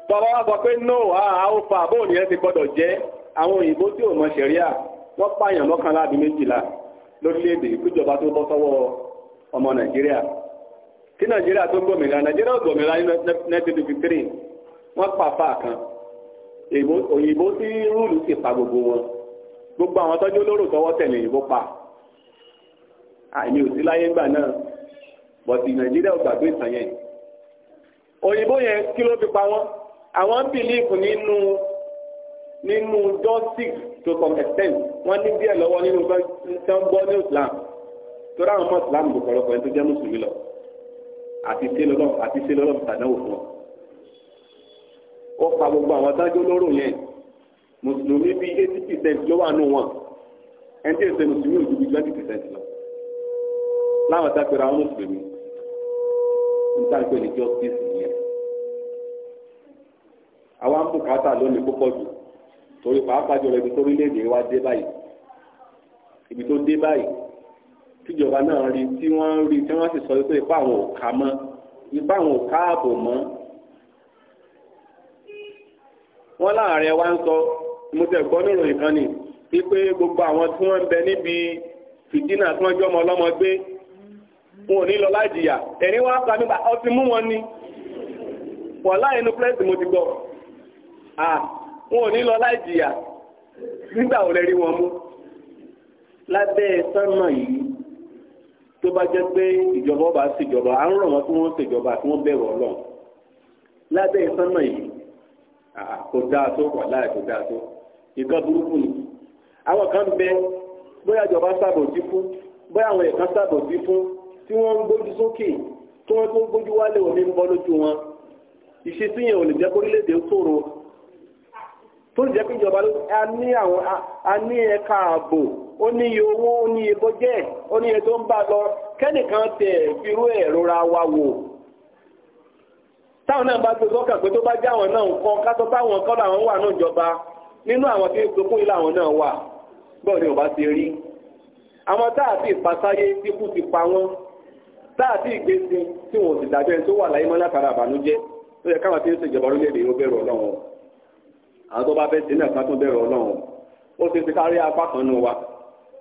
tọ́lá sọ pé no a ó fa bóun àwọn òyìnbó tí ò mọ ṣẹ̀ríà wọ́n pààyàn mọ́kànlá àbí méjìlá lórílẹ̀-èdè ìkújọba tó bọ́ sọ́wọ́ ọmọ nàìjíríà kí nàìjíríà tó gbòmìnira nàìjíríà ò gbòmìnira ní 1953 wọ́n pa àfáà kan òyìnbó tí rúùlù sì pa gbogbo wọn gbogbo àwọn tọ́jú olóró tọwọ́ tẹ̀lé òyìnbó pa àìní ò sí láyé ńgbà náà bọ̀sì nàìjíríà ò gbàgbé ìtàn yẹn òyìnbó yẹn kí ló fi pa wọ́n àwọn ń bìlíìfù nínú nínú dọ́sìk to some extent wọ́n ní díẹ̀ lọ́wọ́ nínú tó ń bọ́ ní islam torí àwọn ọmọ islam kò kọ̀ọ̀lọ́kọ̀ ẹni tó jẹ́ mùsùlùmí lọ àti ṣe lọ́lọ́ àti ṣe lọ́lọ́ ìtànáwó fún ọ. ó pa gbogbo àwọn dájọ́ lóró yẹn mùsùlùmí bíi eighty percent ló wà nù wọn ẹni tí èsè mùsùlùmí ò ju bíi twenty percent lọ láwọn sápẹ́rẹ́ àwọn mùsùlùmí níta ìpè ní justice nìyẹn àwọn àbùkátà lónìí púpọ̀ jù torí pàápàá jọlọ ibi tó orílẹ̀-èdè wa dé báyìí ibi tó dé báyìí tíjọba náà rí tí wọ́n ń rí tí wọ́n sì sọ pé ipá àwọn ò ká mọ́ ipá àwọn ò káàbò mọ́ wọ́n láàárẹ̀ wá ń sọ mo tẹ̀ gbọ́ nírò nìkan ni wípé gbogbo àwọn tí wọ́n ń bẹ níbi fìdínà tí wọ́n jọ ọmọ ọlọ́mọ gbé wọn ò ní lọ láì jìyà ẹ̀rín wọn á pa nípa ọtí mú wọn ni wọ́n láì inú pírẹ́sì mo ti gbọ́ wọn ò ní lọ láì jìyà nígbà wo lè rí wọn mú lábẹ́ sánmà yìí tó bá jẹ́ pé ìjọba ọba ṣèjọba à ń rọ̀ wọ́n tí wọ́n ṣèjọba tí wọ́n bẹ̀rù ọlọ́run lábẹ́ sánmà yìí kò dáa tó wà láì kò dáa tó nǹkan burúkú ni àwọn kan bẹ bóyá ìjọba ṣàbòsí fún bóyá àwọn ẹ̀ka ṣàbòsí fún tí wọ́n ń gbójú sókè tí wọ́n tó ń gbójú wálé omi ń bọ́ lójú wọn ìṣesí ò lè jẹ́ kórílẹ̀-èdè ṣòro tó ń jẹ́ pé ìjọba ló a ní àwọn a ààbò ó ní iye owó ó ní iye bọ́jẹ́ ó ní iye tó ń bá lọ kẹ́nìkan tẹ̀ fírú ẹ̀ ra wa wò táwọn náà bá gbé sọ́kàn pé tó bá jẹ́ àwọn náà nǹkan ká sọ táwọn kọ́ làwọn wà náà jọba àwọn ti rí àwọn táà sì ti wọn tó wà láyé àbànújẹ́ tó yẹ káwọn tí ń orílẹ̀-èdè yóò àwọn tó bá fẹ́ sí náà ká tún bẹ̀rẹ̀ ọlọ́run ó ṣe ti kárí apá kan nù wa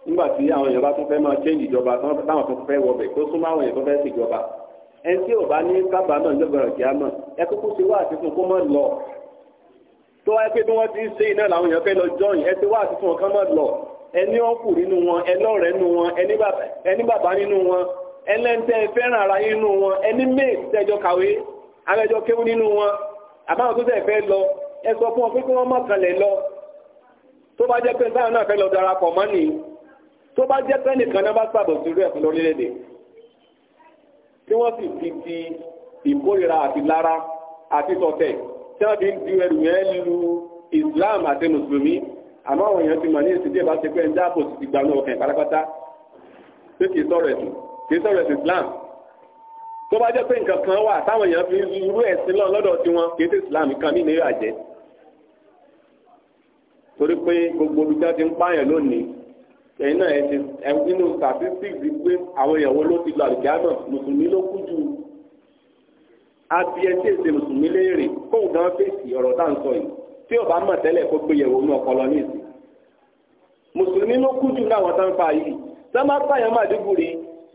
nígbà tí àwọn èèyàn bá tún fẹ́ máa change ìjọba táwọn tó fẹ́ wọbẹ̀ tó súnmọ́ àwọn èèyàn tó fẹ́ ṣèjọba ẹni tí ò bá ní kábàámọ̀ nígbàgbọ́n kí á mọ̀ ẹ kúkú ṣe wá àtìkún kó mọ̀ lọ tó wáyé pé bí wọ́n ti ń ṣe iná làwọn èèyàn fẹ́ lọ jọyìn ẹ ti wá àtìkún ọ̀kan mọ̀ lọ ẹni ọ̀kù nínú wọn ẹlọ́rẹ̀ẹ́ nínú wọn ẹni bàbá nínú wọn ẹlẹ́ntẹ́ fẹ́ràn ara nínú wọn ẹni méè tẹ́jọ kàwé arẹjọ kéwú nínú wọn àbáwọn tó tẹ̀ fẹ́ lọ ẹ sọ fún wọn pé kí wọ́n má kalẹ̀ lọ tó bá jẹ́ pé táwọn náà fẹ́ lọ darapọ̀ mọ́ nìyí tó bá jẹ́ pé nìkan náà bá sàbọ̀ sí irú ẹ̀fún lórílẹ̀‐èdè tí wọ́n sì ti di ìkórira àti lára àti sọ̀tẹ̀ tí wọ́n fi ń di ẹrù yẹn lu Islam àti mùsùlùmí àmọ́ àwọn èèyàn ti mọ̀ ní ìsìndí ìbá ti pé ń dáàbò sí ti gbanú ọkàn pátápátá pé kì í sọ̀rọ̀ ẹ̀sìn kì í sọ̀rọ̀ ẹ̀sìn Islam tó bá jẹ́ pé nǹkan kan wà táwọn èèyàn fi irú ẹ̀sìn lọ́dọ̀ tiwọn kì í sí Islam kan nínú ìyọ̀ àjẹ́ torí pé gbogbo ibi tí wọ́n ti ń pààyàn lónìí ẹ̀yin náà ẹ ti nínú statistics pé àwọn èèyàn wo ló ti lọ àlùkìyàmọ̀ mùsùlùmí ló kú jù àbí ẹ tí èsè mùsùlùmí léèrè kóun gan fèsì ọ̀rọ̀ tá à ń sọ yìí tí ò bá mọ̀ tẹ́lẹ̀ kó pé yẹ̀wò inú ọpọlọ ní ìsìn mùsùlùmí ló kú jù láwọn tó ń fa yìí tó pààyàn màdúgbòrí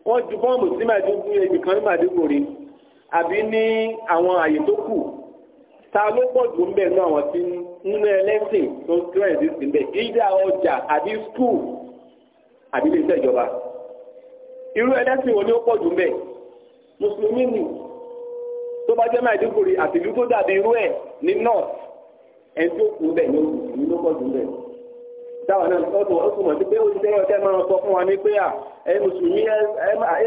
wọ́n ju bọ́ọ̀mù sí màdúgbòrí ibì kan nínú ẹlẹ́sìn tó ń sí ìdá ọjà àbí skul àbí ilé iṣẹ́ ìjọba irú ẹlẹ́sìn wo ni ó pọ̀ jù mbẹ́ mùsùlùmí nì tó bá jẹ́ Maiduguri àti ìlú tó dàbí irú ẹ̀ ní north tó kù bẹ̀ ní òkùnkùn pọ̀ jù náà mọ̀ sí pé ọ̀tẹ́ máa sọ fún wa ní pé ẹ mùsùlùmí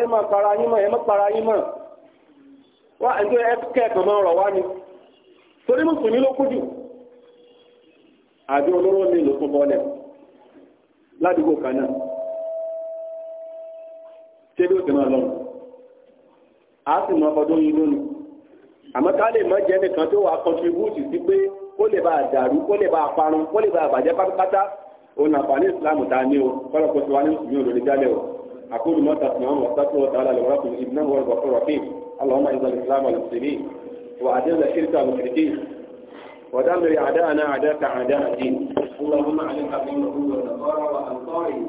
ẹ má para yín ẹ má para yín wá ẹ̀ tó ẹ kẹ́ẹ̀kan àbí olóró mi ló tún bọ́lẹ̀ ládùúgbò kan náà ṣé bí ó ti máa lọ a sì mọ ọdún yìí lónìí àmọ́ ká lè mọ jẹ́ nìkan tó wà kọntribúùtì sí pé kó lè bá a dàrú kó lè bá a parun kó lè bá a bàjẹ́ pátápátá òun àǹfààní ìsìláàmù tá a ní o kọ́lọ̀ kó ti wá ní ìsìnkú olórí jálẹ̀ o أقول ما تسمعون وأستغفر الله تعالى لي ولكم إنه هو الغفور الرحيم اللهم إنزل الإسلام والمسلمين وأذل الشرك والمشركين ودمر أعداءنا أعداءك أعداء الدين اللهم علمنا بما هو النصارى وأنصاري